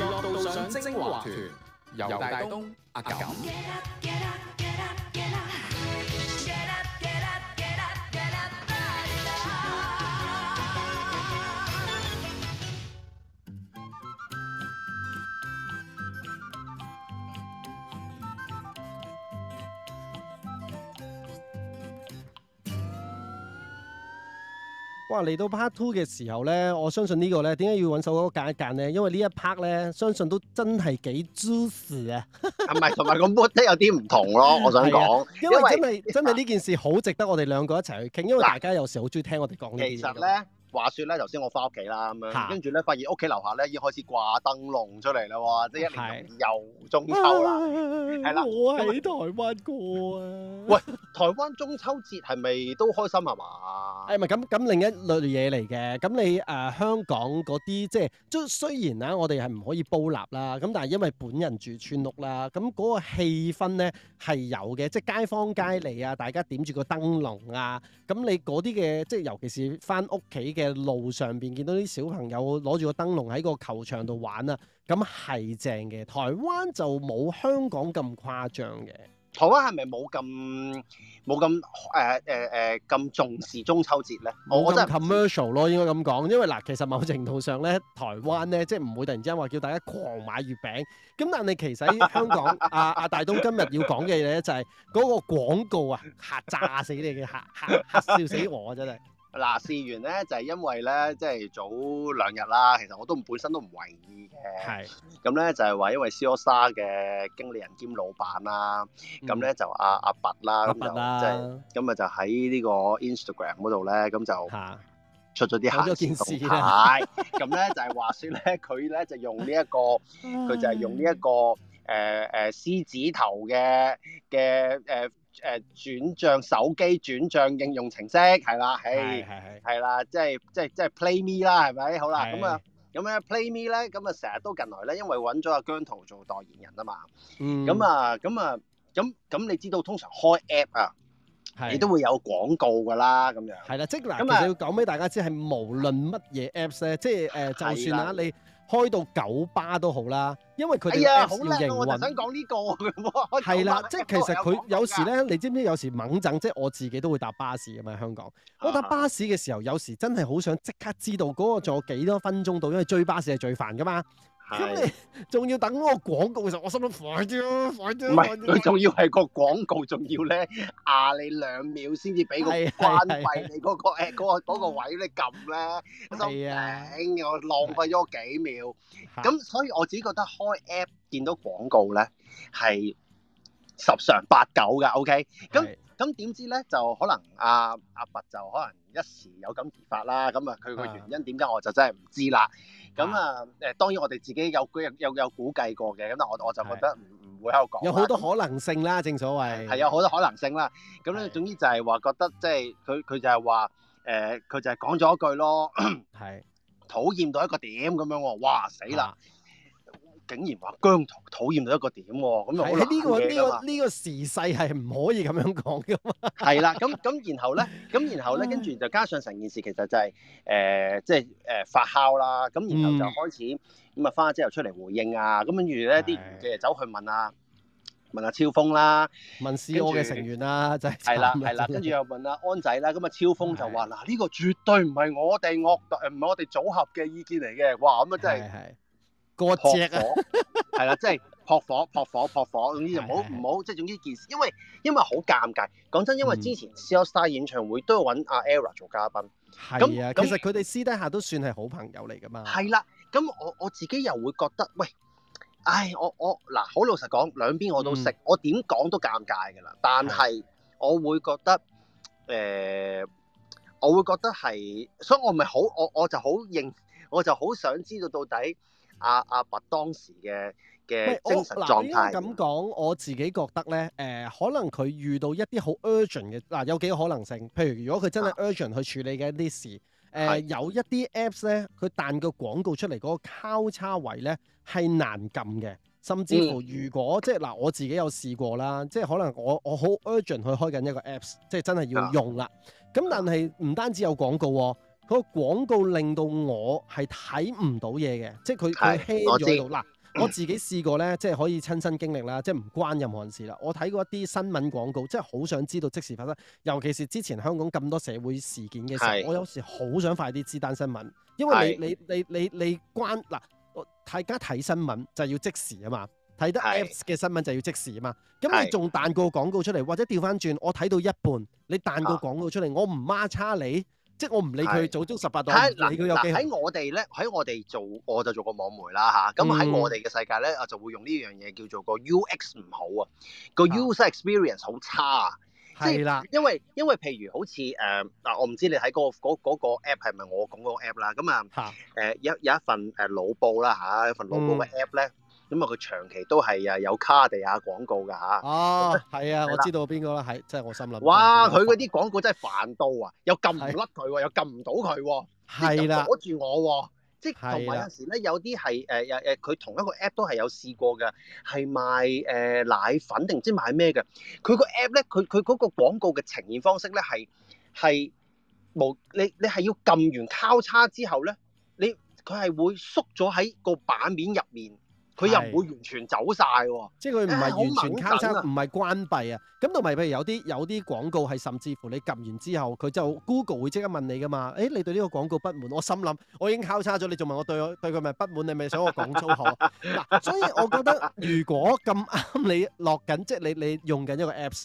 樂道上精華團，由大東、阿感。哇！嚟到 part two 嘅時候呢，我相信呢個呢個咧點解要揾首歌夾一夾呢？因為呢一 part 呢，相信都真係幾 juicy 啊！啊， 唔係，同埋個 mood 都有啲唔同咯，我想講、 啊，因為真係真係呢件事好值得我哋兩個一齊去傾，因為大家有時好中意聽我哋講呢啲嘢。話説咧，頭先我返屋企啦，咁樣跟住咧，發現屋企樓下咧已經開始掛燈籠出嚟啦，哇的！即係一年又中秋啦，係啦、啊，的我喺台灣過啊。喂，台灣中秋節係咪都開心係嘛？誒，唔係，咁咁另一類嘢嚟嘅。咁你誒、呃、香港嗰啲即係，即雖然咧、啊，我哋係唔可以煲蠟啦，咁但係因為本人住村屋啦，咁嗰個氣氛咧係有嘅，即係街坊街里啊，大家點住個燈籠啊，咁你嗰啲嘅，即係尤其是返屋企嘅嘅路上邊見到啲小朋友攞住個燈籠喺個球場度玩啊，咁係正嘅。台灣就冇香港咁誇張嘅。台灣係咪冇咁冇咁誒誒誒咁重視中秋節咧？哦、冇咁 commercial 咯，應該咁講。因為嗱，其實某程度上咧，台灣咧即係唔會突然之間話叫大家狂買月餅。咁但係其實香港，阿阿、 啊、大東今日要講嘅嘢就係嗰個廣告啊，嚇炸死你嘅嚇嚇嚇，笑死我啊！真係～嗱、啊，事源咧就係、是、因為咧，即係早兩日啦。其實我都本身都唔為意嘅。係是。咁咧就係話，因為 C AllStar 嘅經理人兼老闆啦，咁咧、嗯、就阿、啊、阿、啊、伯啦，咁、啊、就即係咁啊，就喺呢個 Instagram 嗰度咧，咁就出咗啲黑，件事啦。咁咧說 就係、是、話説咧，佢咧就用呢、這、一個，佢 就係用呢、這、一個誒誒、呃呃呃、獅子頭嘅嘅誒。呃呃誒，轉賬手機轉賬應用程式係啦，係係係啦，即係即係即係 Play Me 啦，係咪？好啦，咁啊，咁咧 Play Me 咧，咁啊成日都近來咧，因為揾咗阿姜濤做代言人啊嘛，嗯，咁啊，咁啊，咁咁你知道通常開 app 啊，你都會有廣告噶啦，咁樣，係啦，即嗱，其實要講俾大家知係無論乜嘢 apps 咧，即係誒，就算啊你。開到九巴都好啦，因為佢哋、哎、要營運。我想講呢個嘅，係啦，即係的巴其實佢有時咧，時呢你知唔知有時猛震？即、就、係、是、我自己都會搭巴士嘅嘛。香港我搭巴士嘅時候，有時真係好想即刻知道嗰個仲有幾多分鐘到，因為追巴士係最煩噶嘛。咁你仲要等嗰個廣告，其實我心諗，快啲咯，快啲！唔係，佢仲要係個廣告，仲要咧，壓你兩秒先至俾個關閉你嗰個誒嗰個嗰個位你撳，咧，我心頂嘅，我浪費咗幾秒。咁所以我自己覺得開 app 見到廣告咧，係十常八九噶。OK，咁。咁點知咧？就可能阿、啊、阿伯就可能一時有感而發啦。咁啊，佢個原因點解我就真係唔知啦。咁啊，誒、啊、當然我哋自己有估有有，有估計過嘅。咁但我我就覺得唔會喺度講有好多可能性啦。正所謂係有好多可能性啦。咁咧總之就係話覺得的即係佢佢就係話誒佢就係講咗一句咯，係的 討厭到一個點咁樣喎。哇死啦！啊竟然話姜濤討厭到一個點喎？咁又呢個呢個呢個時勢係唔可以咁樣講㗎嘛？係啦，咁咁然後咧，咁然後咧，跟住就加上成件事其實就係誒，即係誒發酵啦。咁然後就開始咁啊，花姐又出嚟回應啊。咁跟住咧，啲人嘅走去問啊，問阿超峰啦，問死我嘅成員啦，真係係啦係啦，跟住又問阿安仔啦。咁啊，超峰就話嗱，呢個絕對唔係我哋惡毒，唔係我哋組合嘅意見嚟嘅。哇！咁啊，真係。過托火係啦，即係撲火、撲 火、撲火，總之 就唔好唔好，即係總之件事，因為因為好尷尬。講真，因為之前 C AllStar 演唱會都揾阿 Era 做嘉賓，咁的那其實佢哋私底下都算係好朋友嚟噶嘛。係啦，咁我我自己又會覺得，喂，唉，我我嗱，好老實講，兩邊我都識，嗯、我點講都尷尬噶啦。但係我會覺得，誒、呃，我會覺得係，所以我咪好，我我就好認，我就好想知道到底。阿阿伯當時嘅嘅精神狀態咁講，我自己覺得咧，誒、呃、可能佢遇到一啲好 urgent 嘅嗱、呃，有幾個可能性。譬如如果佢真係 urgent 去處理嘅一啲事，誒、啊呃、有一啲 apps 咧，佢彈個廣告出嚟嗰個交叉位咧係難撳嘅，甚至乎如果、嗯、即係嗱、呃，我自己有試過啦，即係可能我我好 urgent 去開緊一個 apps，即係真係要用啦。咁、啊啊、但係唔單止有廣告，喔。嗰個廣告令到我係睇唔到嘢嘅，即係佢佢黐咗喺度。嗱，我自己試過咧， 即係可以親身經歷啦，即係唔關任何人事啦。我睇過一啲新聞廣告，即係好想知道即時發生。尤其是之前香港咁多社會事件嘅時候，是我有時好想快啲知單新聞，因為你是你你你你，你，你，你，你關嗱，我大家睇新聞就係要即時啊嘛，睇得 Apps 嘅新聞就要即時啊嘛。咁你仲彈個廣告出嚟，或者調翻轉，我睇到一半，你彈個廣告出嚟，啊、我唔孖叉你。即係我唔理佢祖宗十八代。喺嗱佢有幾好？喺我哋咧，喺我哋做我就做個網媒啦嚇。咁、啊、喺、嗯、我哋嘅世界咧，我就會用呢樣嘢叫做個 UX 唔好啊，個 user experience 好差啊。係啦，因為因為譬如好似誒嗱，我唔知你睇嗰、嗰個嗰個嗰個 app 係咪我講嗰個 app 啦、啊。咁啊誒有有一份誒老報啦嚇、啊，有一份老報嘅 app 咧、啊。嗯咁啊！佢長期都係啊有卡地亞廣告㗎嚇。哦，係、嗯、啊，我知道邊個啦，係是是即係我心諗。哇！佢嗰啲廣告真係煩到哇啊，又撳唔甩佢喎，又撳唔到佢喎，係啦即，阻住我喎。即係同埋有時咧，有啲係誒誒，佢、呃呃、同一個 app 都係有試過嘅，係賣誒、呃、奶粉定唔知賣咩嘅。佢個 app 咧，佢佢嗰個廣告嘅呈現方式咧，係係冇你你係要撳完交叉之後咧，你佢係會縮咗喺個版面入面，面。佢又唔會完全走晒喎、啊，即係佢唔係完全卡叉，唔係、哎、呀關閉啊。咁同埋譬如有啲有啲廣告係甚至乎你撳完之後，佢就 Google 會即刻問你㗎嘛？誒、欸，你對呢個廣告不滿，我心諗我已經交叉咗，你仲問我對我對佢咪不滿？你咪想我講粗口嗱、 啊？所以我覺得如果咁啱你落緊，即係你你用緊一個 Apps，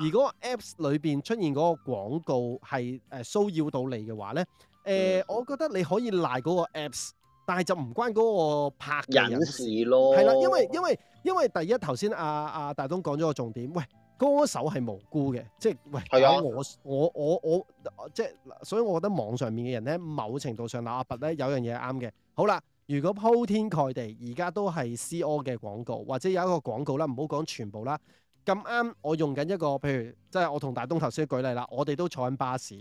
如果 Apps 裏邊出現嗰個廣告係誒騷擾到你嘅話咧，誒、呃，嗯、我覺得你可以賴嗰個 Apps。但係就唔關嗰個拍嘅人，人事咯，係啦，因為因為因為第一頭先阿阿大東講咗個重點，喂，歌手係無辜嘅，即係喂，我的我我我，我即係，所以我覺得網上面嘅人咧，某程度上嗱阿伯咧有樣嘢啱嘅。好啦，如果鋪天蓋地而家都係 C O 嘅廣告，或者有一個廣告啦，唔好講全部啦，咁啱我用緊一個，譬如即係我同大東頭先嘅舉例啦，我哋都坐緊巴士，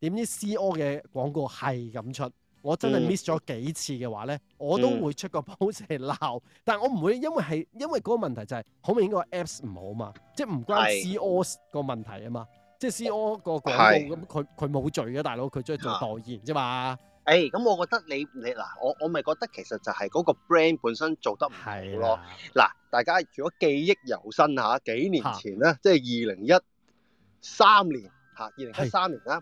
點知 C O 嘅廣告係咁出。我真係 miss 咗幾次嘅話咧，我都會出個 post 嚟鬧，但係我唔會，因為係因為嗰個問題就係好明顯個 Apps 唔好嘛，即係唔關 COS 個問題啊嘛，即係 COS 個廣告咁佢佢冇罪嘅大佬，佢只係做代言啫嘛。誒，咁我覺得你你嗱，我我咪覺得其實就係嗰個 brand 本身做得唔好咯。嗱，大家如果記憶猶新嚇，幾年前咧，即係二零一三年嚇，二零一三年啦。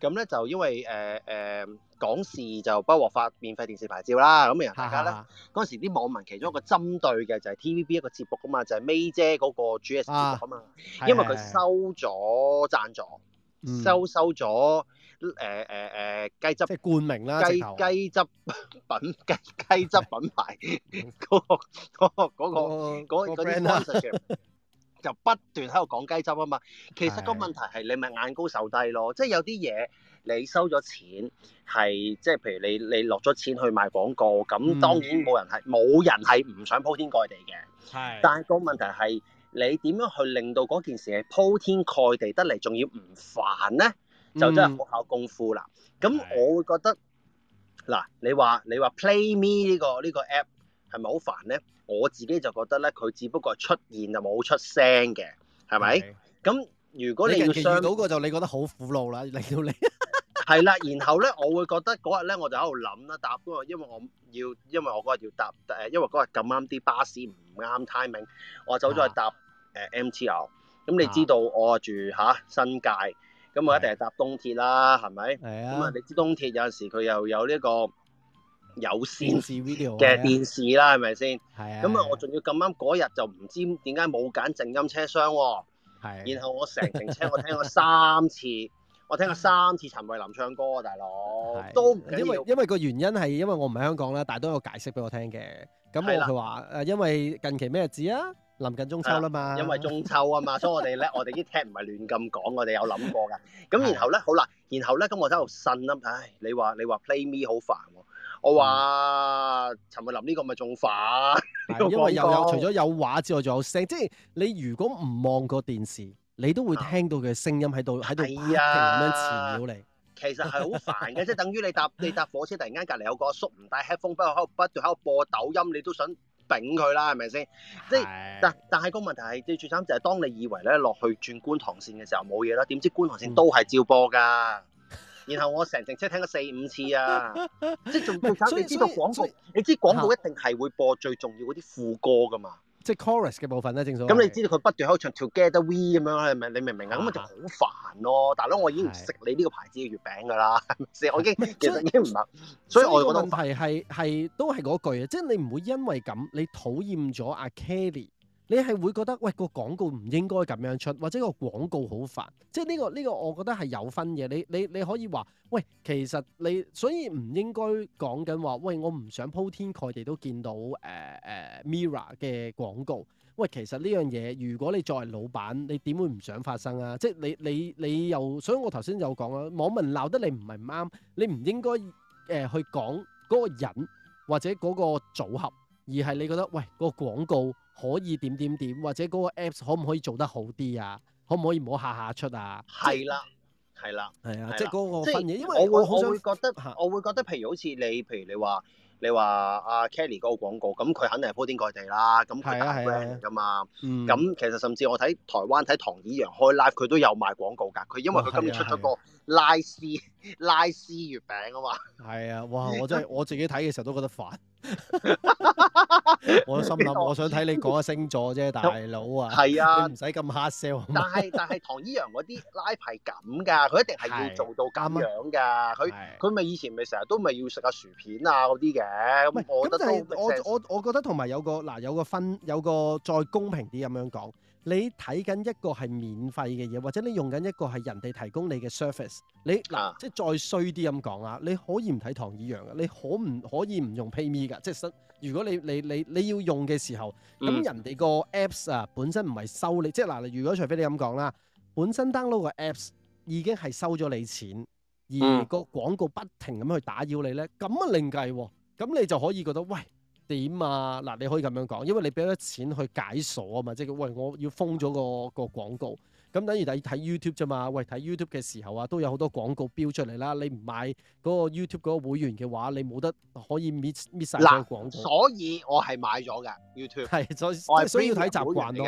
咁咧就因為誒誒港視就不獲發免費電視牌照啦。咁然後大家咧嗰陣時啲網民其中一個針對嘅就係 TVB 一個節目㗎嘛，就係、是、May 姐嗰個主持節目嘛，啊、因為佢收咗贊助，嗯、收收咗誒誒誒雞汁，即係冠名啦，雞雞汁品雞雞汁品牌嗰、嗰個啲。嗰個就不斷喺度講雞汁啊嘛，其實個問題係你咪眼高手低咯，的即係有啲嘢你收咗錢係即係譬如你你落咗錢去賣廣告，咁當然冇人係冇、嗯、人係唔想鋪天蓋地嘅，係的。但係個問題係你點樣去令到嗰件事係鋪天蓋地得嚟，仲要唔煩呢？就真係好考功夫啦。咁、嗯、我會覺得嗱，你話你話 Play Me 呢、這個呢、這個 app 係咪好煩呢？我自己就覺得咧，佢只不過出現就冇出聲嘅，係咪？咁 Okay. 如果你要上到個就你覺得好苦惱啦，令到你係啦。 然後咧，我會覺得嗰日咧我就喺度諗啦，搭嗰個，因為我要，因為我嗰日要搭誒，因為嗰日咁啱啲巴士唔啱 timing，我走咗去搭誒 MTR、啊。咁、嗯、你知道我住嚇、啊、新界，咁我一定係搭東鐵啦，係咪？係啊的。咁啊、嗯，你知東鐵有陣時佢又有呢、這、一個，有線嘅電視啦，係咪先？係啊。咁啊，我仲要咁啱嗰日就唔知點解冇揀靜音車廂喎、啊。啊、然後我成程車我聽咗三次， 我聽咗三次陳慧琳唱歌啊，大佬。啊、都唔緊要。因為因為個原因係因為我唔喺香港啦，但係都有解釋俾我聽嘅。咁我佢話誒，因為近期咩日子啊？臨近中秋啦嘛，因為中秋啊嘛，所以我哋咧，我哋啲聽唔係亂咁講，我哋有諗過噶。咁然後咧，好啦，然後咧，咁我喺度呻啦，唉，你話你話 play me 好煩，我話陳慧琳呢個咪仲煩，因為又有除咗有畫之外，仲有聲，即係你如果唔望個電視，你都會聽到佢聲音喺度喺度不停咁樣纏繞你。其實係好煩嘅，即係等於你搭你搭火車，突然間隔籬有個阿叔唔戴 headphone，不喺度不斷喺度播抖音，你都想。頂佢啦，係咪先？即係但但係個問題係最最慘就係當你以為咧，落去轉觀塘線嘅時候冇嘢啦，點知觀塘線都係照播㗎。然後我成程車聽咗四五次啊，即係仲要，你知道廣播，你知廣播一定係會播最重要嗰啲副歌㗎嘛。即 chorus 嘅部分咧，正所謂咁、嗯，你知道佢不斷喺度唱 Together We 咁樣係咪你明唔明啊？咁咪就好煩咯。大佬，我已經唔食你呢個牌子嘅月餅㗎啦，係咪？ 我已經其實已經唔得。所以我覺得所以個問題係係都係嗰句啊，即係你唔會因為咁，你討厭咗阿 Kelly。你係會覺得喂、個廣告唔應該咁樣出，或者個廣告好煩，即係呢個呢個，呢個、我覺得係有分嘅。你你你可以話喂，其實你所以唔應該講緊話喂，我唔想鋪天蓋地都見到誒誒、呃呃、Mirror 嘅廣告。喂，其實呢樣嘢，如果你作為老闆，你點會唔想發生啊？即係你你你又所以我頭先有講啦，網民鬧得你唔係唔啱，你唔應該誒、呃、去講嗰個人或者嗰個組合，而係你覺得喂、個廣告。可以點點點，或者嗰個 apps 可唔可以做得好啲啊？可唔可以唔好下下出啊？係啦，係啦，係啊！即係嗰個分野，因為我會我會覺得我會覺得，譬如好似你，譬如你話你話阿 Kelly 嗰個廣告，咁佢肯定係鋪天蓋地啦。咁佢打 brand 㗎嘛。咁其實甚至我睇台灣睇唐以陽開 live，佢都有賣廣告㗎。佢因為佢今日出咗個拉絲拉絲月餅啊嘛。係啊！哇！我真係我自己睇嘅時候都覺得煩。 我心諗，我想睇你講下星座啫，大佬、嗯、啊，係啊 是，唔使咁 hard sell。但係但係，唐依陽嗰啲 live 係咁噶，佢一定係要做到咁樣噶。佢佢咪以前咪成日都咪要食下薯片啊嗰啲嘅。咁但係我我我覺得同埋有個嗱有個分有個再公平啲咁樣講。你睇緊一個係免費嘅嘢，或者你用緊一個係人哋提供你嘅 service 你嗱，即係再衰啲咁講啊，你可以唔睇唐爾羊嘅，你可唔可以唔用 PayMe 嘅？即係如果你你你你要用嘅時候，咁人哋個 apps 啊本身唔係收你，嗯、即係嗱，如果除非你咁講啦，本身 download 個 apps 已經係收咗你錢，而個廣告不停咁去打擾你咧，咁啊另計喎，咁你就可以覺得喂。點啊？嗱，你可以咁樣講，因為你俾咗錢去解鎖啊嘛，即係喂，我要封咗、嗰個、嗯、個廣告，咁等於你睇 YouTube 啫嘛。喂，睇 YouTube 嘅時候啊，都有好多廣告標出嚟啦。你唔買嗰個 YouTube 嗰個會員嘅話，你冇得可以 miss miss 曬嗰個廣告。所以，我係買咗嘅，YouTube 係所以即係需要睇習慣咯。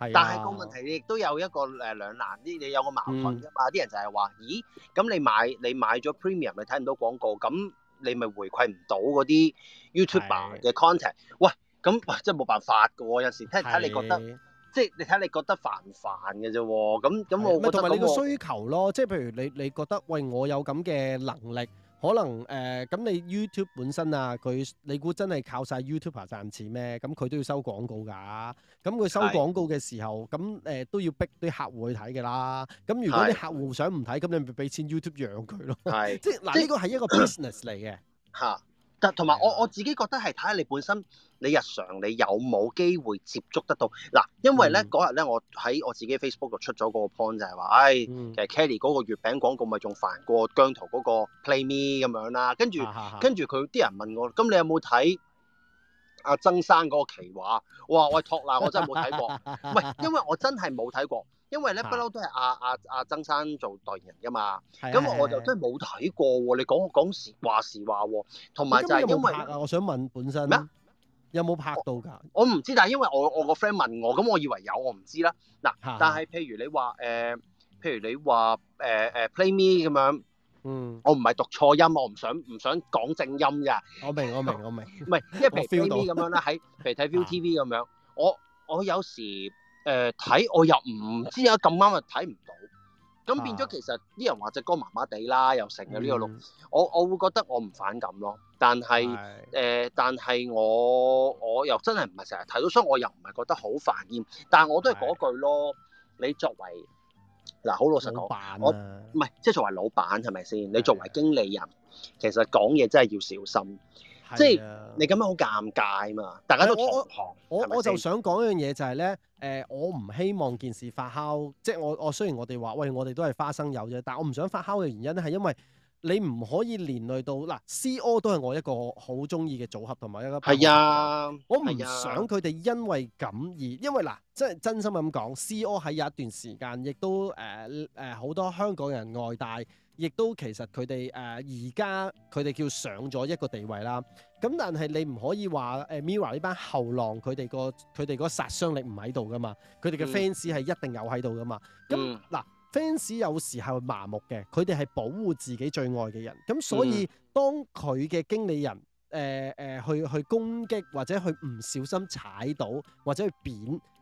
係、啊、但係個問題，你亦都有一個誒兩難啲，你有個矛盾㗎嘛？啲、嗯、人就係話：咦，咁你買你買咗 Premium，你睇唔到廣告咁？你咪回饋唔到嗰啲 YouTuber 嘅 content，喂，咁是的 真係冇辦法嘅喎，有時睇睇你覺得，是的 即係你睇你覺得煩唔煩嘅啫喎，咁咁我唔係同埋你個需求咯，即係譬如你你覺得，喂，我有咁嘅能力。可能誒咁、呃、你 YouTube 本身啊，佢你估真係靠晒 YouTuber 賺錢咩？咁佢都要收廣告㗎、啊。咁佢收廣告嘅時候，咁誒的、呃、都要逼啲客戶去睇㗎啦。咁如果你客戶想唔睇，咁的你咪俾錢 YouTube 養佢咯。係的，即係嗱，呢個係一個 business 嚟嘅。嚇的！但同埋我我自己覺得係睇下你本身。你日常你有冇機會接觸得到嗱？因為咧嗰日咧，我喺我自己 Facebook 度出咗嗰個 point 就係話，唉、哎，其實 Kelly 嗰個月餅廣告咪仲煩過姜濤嗰個 Play Me 咁樣啦、啊。跟住跟住佢啲人問我，咁你有冇睇阿曾生嗰個奇話？我話我係托賴，我真係冇睇過。喂，因為我真係冇睇過，因為咧不嬲都係阿阿阿曾生做代言人噶嘛。咁是的 我就真係冇睇過喎。你講講時話時話，同埋就係因為有有、啊、我想問本身咩？有冇拍到㗎？我唔知，但係因為我我個 friend 問我，咁我以為有，我唔知啦。嗱、啊，但係譬如你話誒、呃，譬如你話誒誒 Play Me 咁樣，嗯，我唔係讀錯音，我唔想唔想講正音㗎。我明，我明，我明。唔係，因為譬如 Play Me 咁樣啦，喺譬如睇 ViuTV 咁樣， 我我有時誒睇、呃，我又唔知啊，咁啱又睇唔到。咁、啊、變咗，其實啲人話隻歌麻麻地啦，又成嘅呢個咯，嗯、我我會覺得我唔反感咯，但係誒的、呃，但係我我又真係唔係成日睇到，所以我又唔係覺得好煩厭，但係我都係嗰句咯，的你作為嗱好、啊、老實講，啊、我唔係即係作為老闆係咪先？你作為經理人，其實講嘢真係要小心。即係你咁樣好尷尬嘛，大家都我吧我，我就想講一樣嘢就係咧，誒，我唔希望件事發酵。即係我我雖然我哋話喂，我哋都係花生友啫，但我唔想發酵嘅原因咧，係因為你唔可以連累到嗱，C.O 都係我一個好鍾意嘅組合同埋一個朋友。係啊，係啊，我唔想佢哋因為咁而，因為嗱，即係真，真心咁講，C.O 喺有一段時間亦都誒誒好多香港人愛戴。亦都其實佢哋誒而家佢哋叫上咗一個地位啦。咁但係你唔可以話誒 Mirror 呢班後浪佢哋個佢哋嗰殺傷力唔喺度㗎嘛？佢哋嘅 fans 係一定有喺度㗎嘛？咁嗱 fans 有時候麻木嘅，佢哋係保護自己最愛嘅人。咁所以當佢嘅經理人誒誒、呃呃、去去攻擊或者去唔小心踩到或者去扁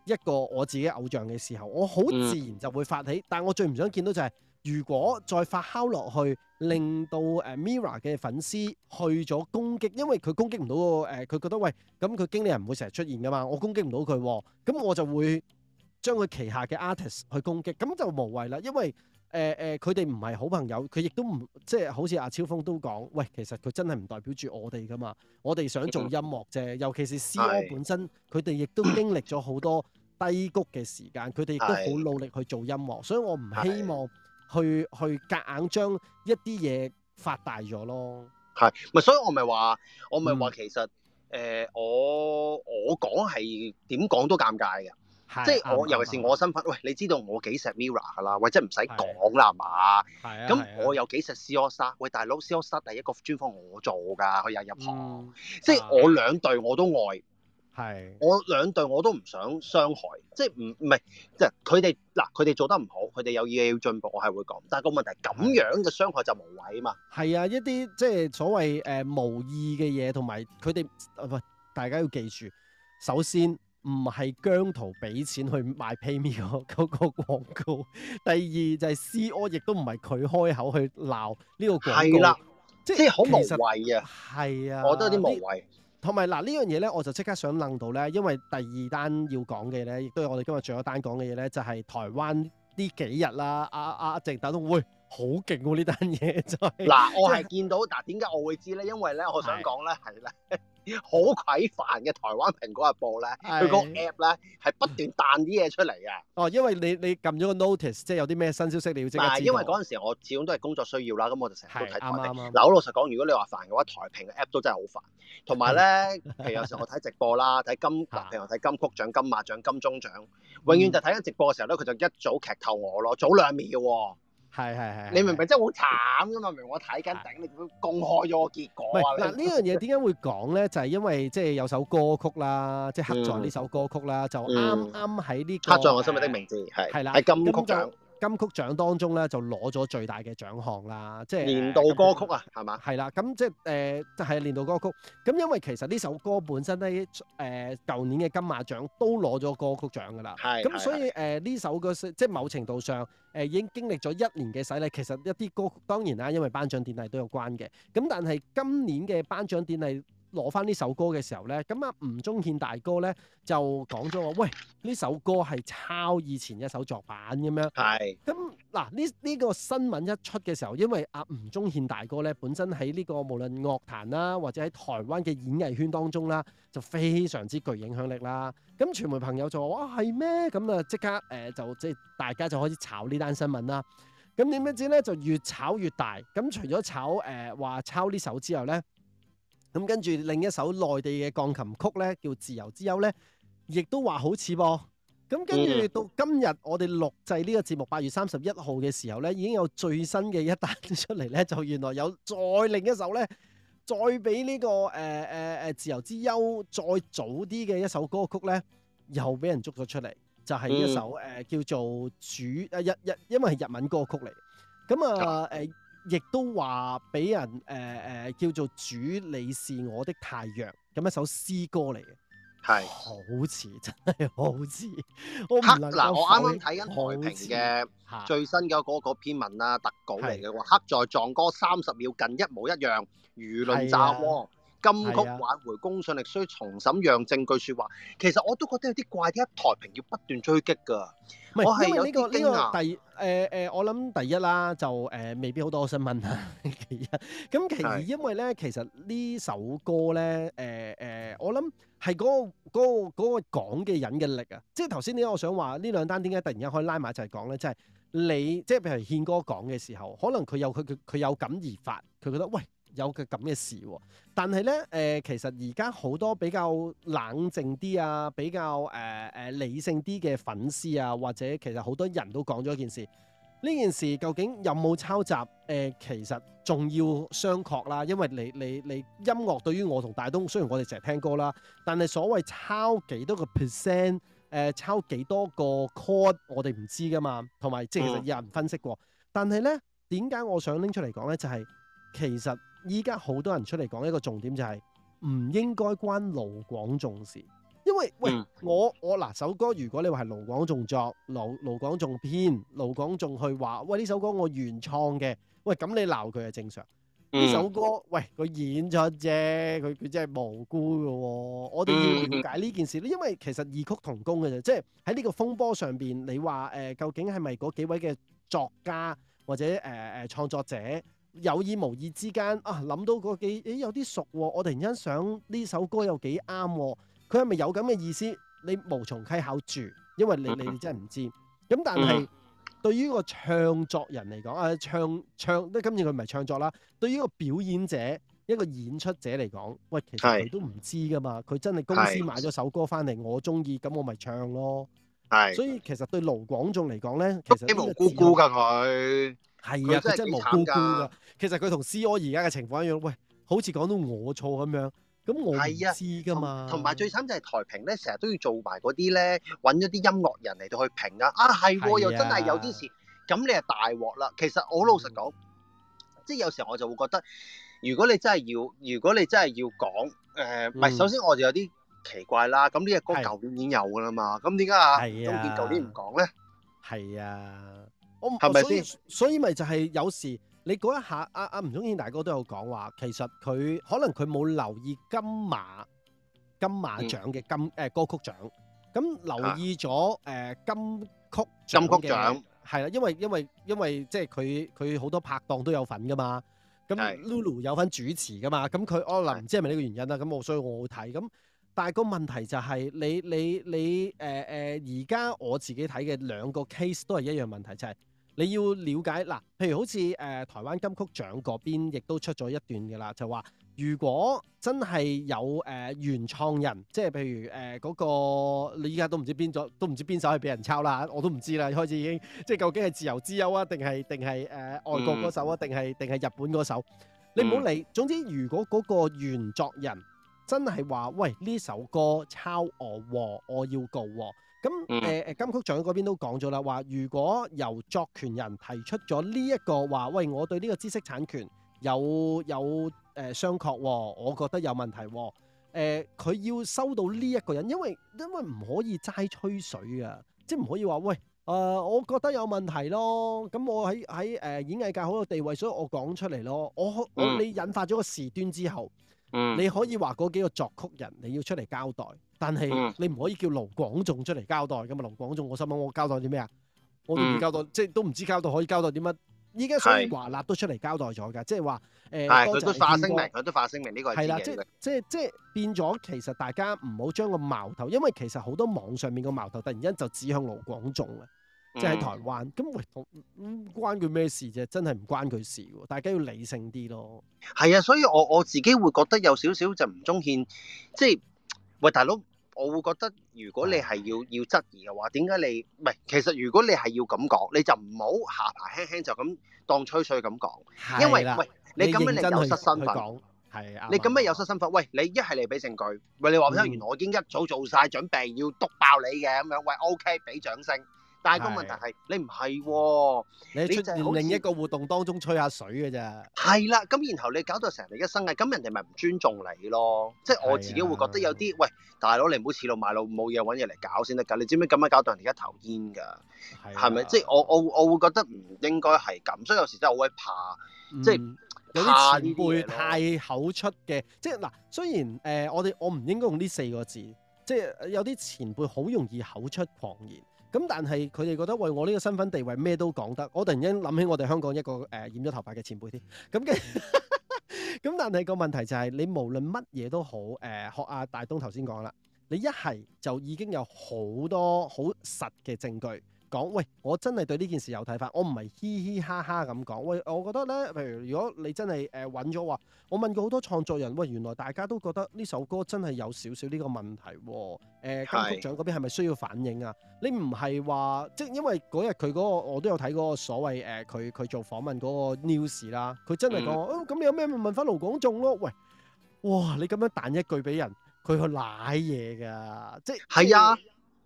一個我自己偶像嘅時候，我好自然就會發起。嗯、但係我最唔想見到就係、是。如果再發酵落去，令到誒 Mirror 嘅粉絲去咗攻擊，因為佢攻擊唔到個誒，佢、呃、覺得喂咁佢經理人唔會成日出現噶嘛，我攻擊唔到佢，咁我就會將佢旗下嘅 artist 去攻擊，咁就無謂啦。因為誒誒佢哋唔係好朋友，佢亦都唔即係好似阿、啊、超峰都講，喂其實佢真係唔代表住我哋噶嘛。我哋想做音樂啫，尤其是 C.O 本身，佢哋亦都經歷咗好多低谷嘅時間，佢哋亦都好努力去做音樂，所以我唔希望。去去隔硬將一啲嘢發大咗咯，係咪？所以我咪話，我咪話其實誒，我我講係點講都尷尬嘅，即係我尤其是我身份，喂，你知道我幾錫 Mira r 噶啦，喂，即係唔使講啦，係嘛？係啊，咁我又幾錫 Sales 沙，喂大佬 Sales 沙係一個專方我做噶，佢日日行，即係我兩隊我都愛。係，我兩隊我都唔想傷害，即係唔唔係，即係佢哋嗱，佢哋做得唔好，佢哋有意要進步，我係會講，但係個問題咁樣嘅傷害就無謂啊嘛。係啊，一啲即係所謂誒、呃、無意嘅嘢，同埋佢哋唔係大家要記住，首先唔係姜濤俾錢去買 PayMe 嗰嗰個廣告，第二就係 C O 亦都唔係佢開口去鬧呢個廣告，係啦的，即係是好無謂啊，係啊，的我都有啲無謂。同埋嗱呢樣嘢咧，我就即刻想諗到咧，因為第二單要講嘅咧，亦都係我哋今日最後單講嘅嘢咧，就係、是、台灣呢幾日啦。阿阿靜打到，喂，好勁喎！呢單嘢就係嗱，我係見到，嗱點解我會知咧？因為咧，是我想講咧係咧。 好鬼煩嘅台灣蘋果日報咧，佢個的 app 咧係不斷彈啲嘢出嚟嘅。哦，因為你你撳咗個 notice，即係有啲咩新消息你要即刻知。唔係，因為嗰陣時我始終都係工作需要啦，咁、嗯、我就成日都睇台。啱啱老實講，如果你話煩嘅話，台屏嘅 app 都真係好煩。同埋咧，譬對如有時候我睇直播啦，睇金，譬 如話睇金曲獎、金馬獎、金鐘獎，永遠就睇緊直播嘅時候咧，佢就一早劇透我咯，早兩秒喎。係係係，是是是是你明明真係好慘咁啊！明我睇緊，等是是 你公開咗我結果啊！嗱，呢樣嘢點解會講呢？就係、是、因為有首歌曲啦，即係刻在呢首歌曲啦，嗯、就啱啱喺呢刻在、這個嗯、我心裏的名字係啦，係、嗯、金曲獎。嗯嗯金曲獎當中咧就攞咗最大嘅獎項啦，即係年度歌曲啊，係嘛？係啦，咁即係誒就係年度歌曲。咁因為其實呢首歌本身咧誒舊年嘅金馬獎都攞咗歌曲獎噶啦，係。咁所以誒呢首歌即係某程度上誒已經經歷咗一年嘅洗禮。其實一啲歌曲當然啦，因為頒獎典禮都有關嘅。咁但係今年嘅頒獎典禮，攞翻呢首歌嘅時候咧，咁阿吳宗憲大哥咧就講咗話：喂，呢首歌係抄以前一首作品咁樣。係、哎。咁嗱，呢呢、這個新聞一出嘅時候，因為阿吳宗憲大哥咧本身喺呢、這個無論樂壇啦，或者喺台灣嘅演藝圈當中啦，就非常之具影響力啦。咁傳媒朋友就話：哇、哦，係咩？咁啊，即刻誒就即大家就開始炒呢單新聞啦。咁點不知咧，就越炒越大。咁除咗炒誒話抄呢、呃、首之後咧。咁跟住另一首內地嘅鋼琴曲咧，叫《自由之丘》咧，亦都話好似噃。咁跟住到今日我哋錄製呢個節目八月三十一號嘅時候咧，已經有最新嘅一單出嚟咧，就原來有再另一首咧，再俾呢、這個誒誒誒《自由之丘》再早啲嘅一首歌曲咧，又俾人捉咗出嚟，就係、是、一首誒、嗯呃、叫做《主》誒、呃、日日，因為係日文歌曲嚟。咁、嗯呃、啊誒。亦都話俾人誒誒、呃、叫做《主，你是我的太陽》咁一首詩歌嚟嘅，係是好似真係好似黑嗱，我啱啱睇緊台評嘅最新嗰個篇文啊，特稿嚟嘅話，的黑在撞歌三十秒近一模一樣，輿論炸鍋，哦。金曲挽回公信力需重審讓證據説話，其實我都覺得有啲怪啲，台平要不斷追擊㗎、這個呃。我係有啲驚啊！第誒誒，我諗第一啦，就誒、呃、未必好多新聞啊。其一咁，其二因為咧，其實呢首歌咧，誒、呃、誒，我諗係嗰個嗰個講嘅人嘅力啊。即係頭先呢，我想話呢、那個那個那個、兩單點解突然間可以拉埋一齊講咧、就是，即係你即係譬如憲哥講嘅時候，可能佢有佢佢佢有感而發，佢覺得喂。有個咁嘅事、啊，但係咧，誒、呃，其實而家好多比較冷靜啲啊，比較誒誒、呃呃、理性啲嘅粉絲啊，或者其實好多人都講咗一件事，呢件事究竟有冇抄襲？誒、呃，其實仲要商榷啦，因為你你你，你音樂對於我同大東，雖然我哋成日聽歌啦，但係所謂抄幾多個 percent，誒、呃，抄幾多個 chord，我哋唔知噶嘛，同埋即係其實有人分析過，嗯、但係咧，點解我想拎出嚟講咧？就係、是。其實依家好多人出嚟講一個重點就係、是、唔應該關老廣仲事盧廣仲。因為喂，我我嗱首歌如果你話係盧廣仲作、老盧廣仲編、盧廣仲去話喂，呢首歌我原創嘅，喂，咁你鬧佢係正常。呢、嗯、首歌喂，佢演咗啫，佢佢真係無辜噶、哦。我哋要了解呢件事咯，因為其實異曲同工嘅啫，即係喺呢個風波上邊，你話誒、呃、究竟係咪嗰幾位嘅作家或者誒誒創作者？有意無意之間啊，諗到嗰幾，誒有啲熟、啊，我突然間想呢首歌有幾啱、啊，佢係咪有咁嘅意思？你無從稽考住，因為你你你真係唔知。咁但係對於個唱作人嚟講，誒、啊、唱唱，即今次佢唔係唱作啦，對於個表演者一個演出者嚟講，喂，其實佢都唔知噶嘛，佢是真係公司買咗首歌翻嚟，是我中意，咁我咪唱咯。係，是所以其實對盧廣仲嚟講咧，其實都幾無辜辜㗎佢。係他啊，佢真係無辜辜㗎。其實佢同 C.O. 而家嘅情況一樣，喂，好似講到我錯咁樣，咁我係啊知㗎嘛。啊、同埋最慘就係台評咧，成日都要做埋嗰啲咧，搵一啲音樂人嚟到去評啊。啊，係、啊啊、又真係有啲事，咁你係大鑊啦。其實我老實講，即係有時候我就會覺得，如果你真係要，如果你真係要講，誒，唔、呃、係首先我哋有啲。嗯奇怪啦，咁呢隻歌舊年已經有噶啦嘛，咁點解啊？吳宗憲舊年唔講咧，係啊，我唔係咪先？所以咪就係有時你嗰一下，阿阿吳宗憲大哥都有講話，其實佢可能佢冇留意金馬金馬獎嘅金誒、嗯、歌曲獎，咁留意咗誒金曲金曲獎係啦、啊，因為因為因為，因為即係佢佢好多拍檔都有份噶嘛，咁 Lulu 有份主持噶嘛，咁佢可能唔知係咪呢個原因啦？咁我所以我好睇咁。但係個問題就係你你你誒誒而家我自己睇嘅兩個 case 都係一樣問題，就係你要了解嗱，譬如好似誒台灣金曲獎嗰邊亦都出咗一段嘅啦，就話如果真係有誒原創人，即係譬如誒嗰個你依家都唔知邊咗，都唔知邊首係俾人抄啦，我都唔知啦，開始已經即係究竟係自由之憂啊，定係定係誒外國嗰首啊，定係定係日本嗰首？你唔好理，總之如果嗰個原作人。真係話喂呢首歌抄我，我要告我。咁誒誒金曲獎嗰邊都講咗啦，話如果由作權人提出咗呢一個話，喂，我對呢個知識產權有有誒商、呃、榷，我覺得有問題。誒、呃、佢要收到呢一個人，因為因為唔可以齋吹水嘅，即係唔可以話喂，誒、呃、我覺得有問題咯。咁我喺喺誒演藝界好有地位，所以我講出嚟咯。我，我你引發咗個事端之後。嗯、你可以話嗰幾個作曲人你要出嚟交代，但係你唔可以叫盧廣仲出嚟交代噶嘛？盧廣仲，我心諗我交代啲咩啊？我都唔交代，嗯、即係都唔知交代可以交代啲乜。依家所以華納都出嚟交代咗嘅，即係話誒，佢都發聲明，佢都發聲明呢、呢個係啦，即係即係即係變咗，其實大家唔好將個矛頭，因為其實好多網上面個矛頭突然間就指向盧廣仲啊。即係台灣咁喂，關佢咩事啫？真係唔關佢事喎。大家要理性啲咯。係啊，所以我我自己會覺得有少少就吳宗憲，即係喂大佬，我會覺得如果你係要要質疑嘅話，點解你唔係？其實如果你係要咁講，你就唔好下巴輕輕就咁當吹水咁講，因為喂你咁樣你有失身份，係啊，你咁樣有失身份。喂，你一係你俾證據，喂你話俾我聽，原來我已經一早做曬準備要篤爆你嘅咁樣，喂 OK，俾掌聲。但係個問題係，你唔係、哦、你出喺另一個活動當中吹下水嘅啫。係啦、嗯，咁然後你搞到成人哋一生氣，咁人哋咪唔尊重你咯。即係我自己會覺得有啲、啊、喂大佬，你唔好似路賣路冇嘢揾嘢嚟搞先得㗎。你知唔知咁樣搞到人哋一頭煙㗎？係咪、啊、即係我我我會覺得唔應該係咁，所以有時真係好鬼怕，即、嗯、有啲前輩太口出嘅。即係嗱，雖然誒、呃、我哋我唔應該用呢四個字，即係有啲前輩好容易口出狂言。咁但係佢哋覺得，喂，我呢個身份地位咩都講得。我突然間諗起我哋香港一個誒、呃、染咗頭髮嘅前輩添。咁嘅，咁但係個問題就係、是，你無論乜嘢都好，誒、呃、學阿、啊、大東頭先講啦，你一係就已經有好多好實嘅證據。講喂，我真係對呢件事有睇法，我唔係嘻嘻哈哈咁講。喂，我覺得咧，譬如如果你真係誒揾咗話，我問過好多創作人，喂，原來大家都覺得呢首歌真係有少少呢個問題、啊。誒、呃，金曲獎嗰邊係咪需要反應啊？你唔係話即係因為嗰日佢嗰個我都有睇嗰個所謂誒，佢、呃、佢做訪問嗰個 news 啦，佢真係講，咁、嗯啊、你有咩問翻盧廣仲咯？喂，哇！你咁樣彈一句俾人，佢去攋嘢噶，即係係啊。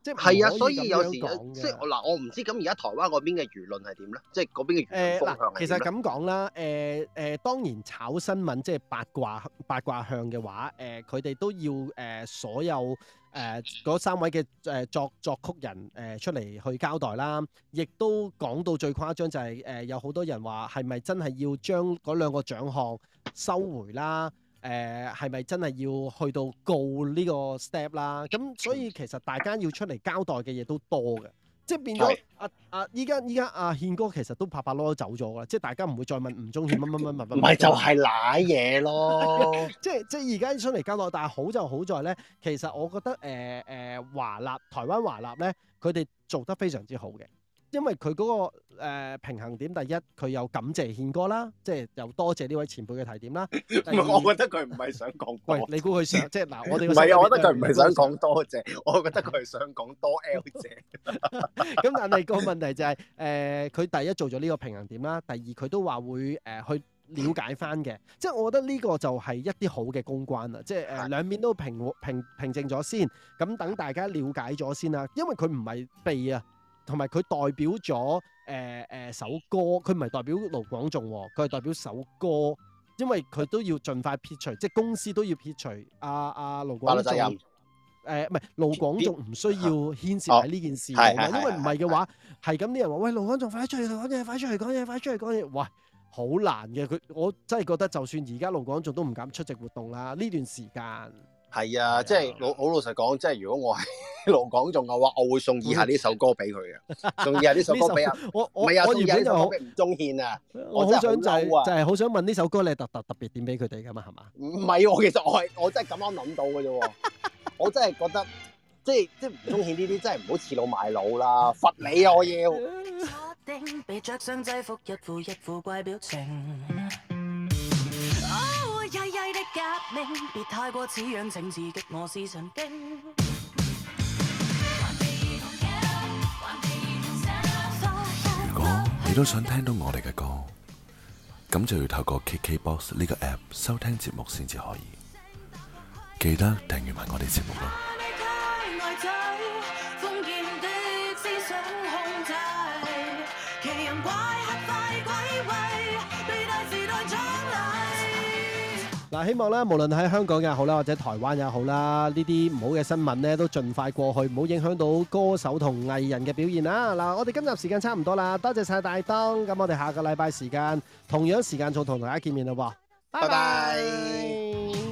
即係啊，所以有時即係我嗱，我唔知咁而家台灣嗰邊嘅輿論係點咧？即係嗰邊嘅輿論方向係點咧？其實咁講啦，誒、呃、誒、呃，當然炒新聞即係八卦八卦向嘅話，誒佢哋都要誒、呃、所有誒嗰、呃、三位嘅誒、呃、作作曲人誒、呃、出嚟去交代啦。亦都講到最誇張就係、是、誒、呃、有好多人話係咪真係要將嗰兩個獎項收回啦？誒係咪真係要去到告呢個 step 啦？咁所以其實大家要出嚟交代嘅嘢都多嘅，即係變咗啊啊！依家依家啊，阿憲哥其實都拍拍攞走咗啦，即係大家唔會再問吳宗憲乜乜乜乜乜。唔係就係瀨嘢咯，即係即係而家出嚟交代，但係好就好在咧，其實我覺得誒誒、呃呃、華納台灣華納咧，佢哋做得非常之好嘅。因為佢嗰、那個、呃、平衡點，第一佢有感謝憲哥啦，即係有多謝呢位前輩嘅提點啦。 我覺得佢唔係想講多。你估佢想即係嗱？我哋唔係啊，我覺得佢唔係想講多謝，我覺得佢係想講多 L 謝。咁但係個問題就係、是、誒，佢、呃、第一做咗呢個平衡點啦，第二佢都話會誒、呃、去了解翻嘅，即係我覺得呢個就係一啲好嘅公關啦，即係誒、呃、 兩邊都平平平靜咗先，咁等大家了解咗先啦，因為佢唔係避啊。同埋佢代表咗誒誒首歌，佢唔係代表盧廣仲喎，佢係代表首歌，因為佢都要盡快撇除，即係公司都要撇除阿、啊、阿、啊、盧廣仲、啊。責任唔係盧廣仲唔、啊、需要牽涉喺呢件事，嗯啊啊啊啊嗯、因為唔係嘅話，係咁啲人話喂盧廣仲快出去！講嘢，快出去！講嘢，快出去！」講嘢，喂好難嘅，佢我真係覺得就算而家盧廣仲都唔敢出席活動啦呢段時間。係啊，嗯、即係是老老老實講，即係如果我係盧廣仲嘅話，我會送以下呢首歌俾佢嘅，嗯、送以下呢首歌俾啊，我、就是，唔係啊，我嘅就係咩吳宗憲啊，我好想就啊，就係好想問呢首歌你特特特別點俾佢哋嘅嘛係嘛？唔係喎，其實我我真係咁啱諗到嘅啫，我真係 覺得即係即係吳宗憲呢啲真係唔好持老賣老啦，罰你啊我要，着上制服，一副一副怪表情。如果你都想聽到我哋嘅歌，咁就要透過 KKBOX 呢個 App 收聽節目先至可以。記得訂閱埋我哋節目啦！希望咧，無論喺香港也好啦，或者台灣也好啦，呢啲唔好嘅新聞咧都盡快過去，唔好影響到歌手同藝人嘅表現啦。嗱，我哋今日時間差唔多啦，多謝晒大東，咁我哋下個禮拜時間同樣時間再同大家見面咯，拜拜。拜拜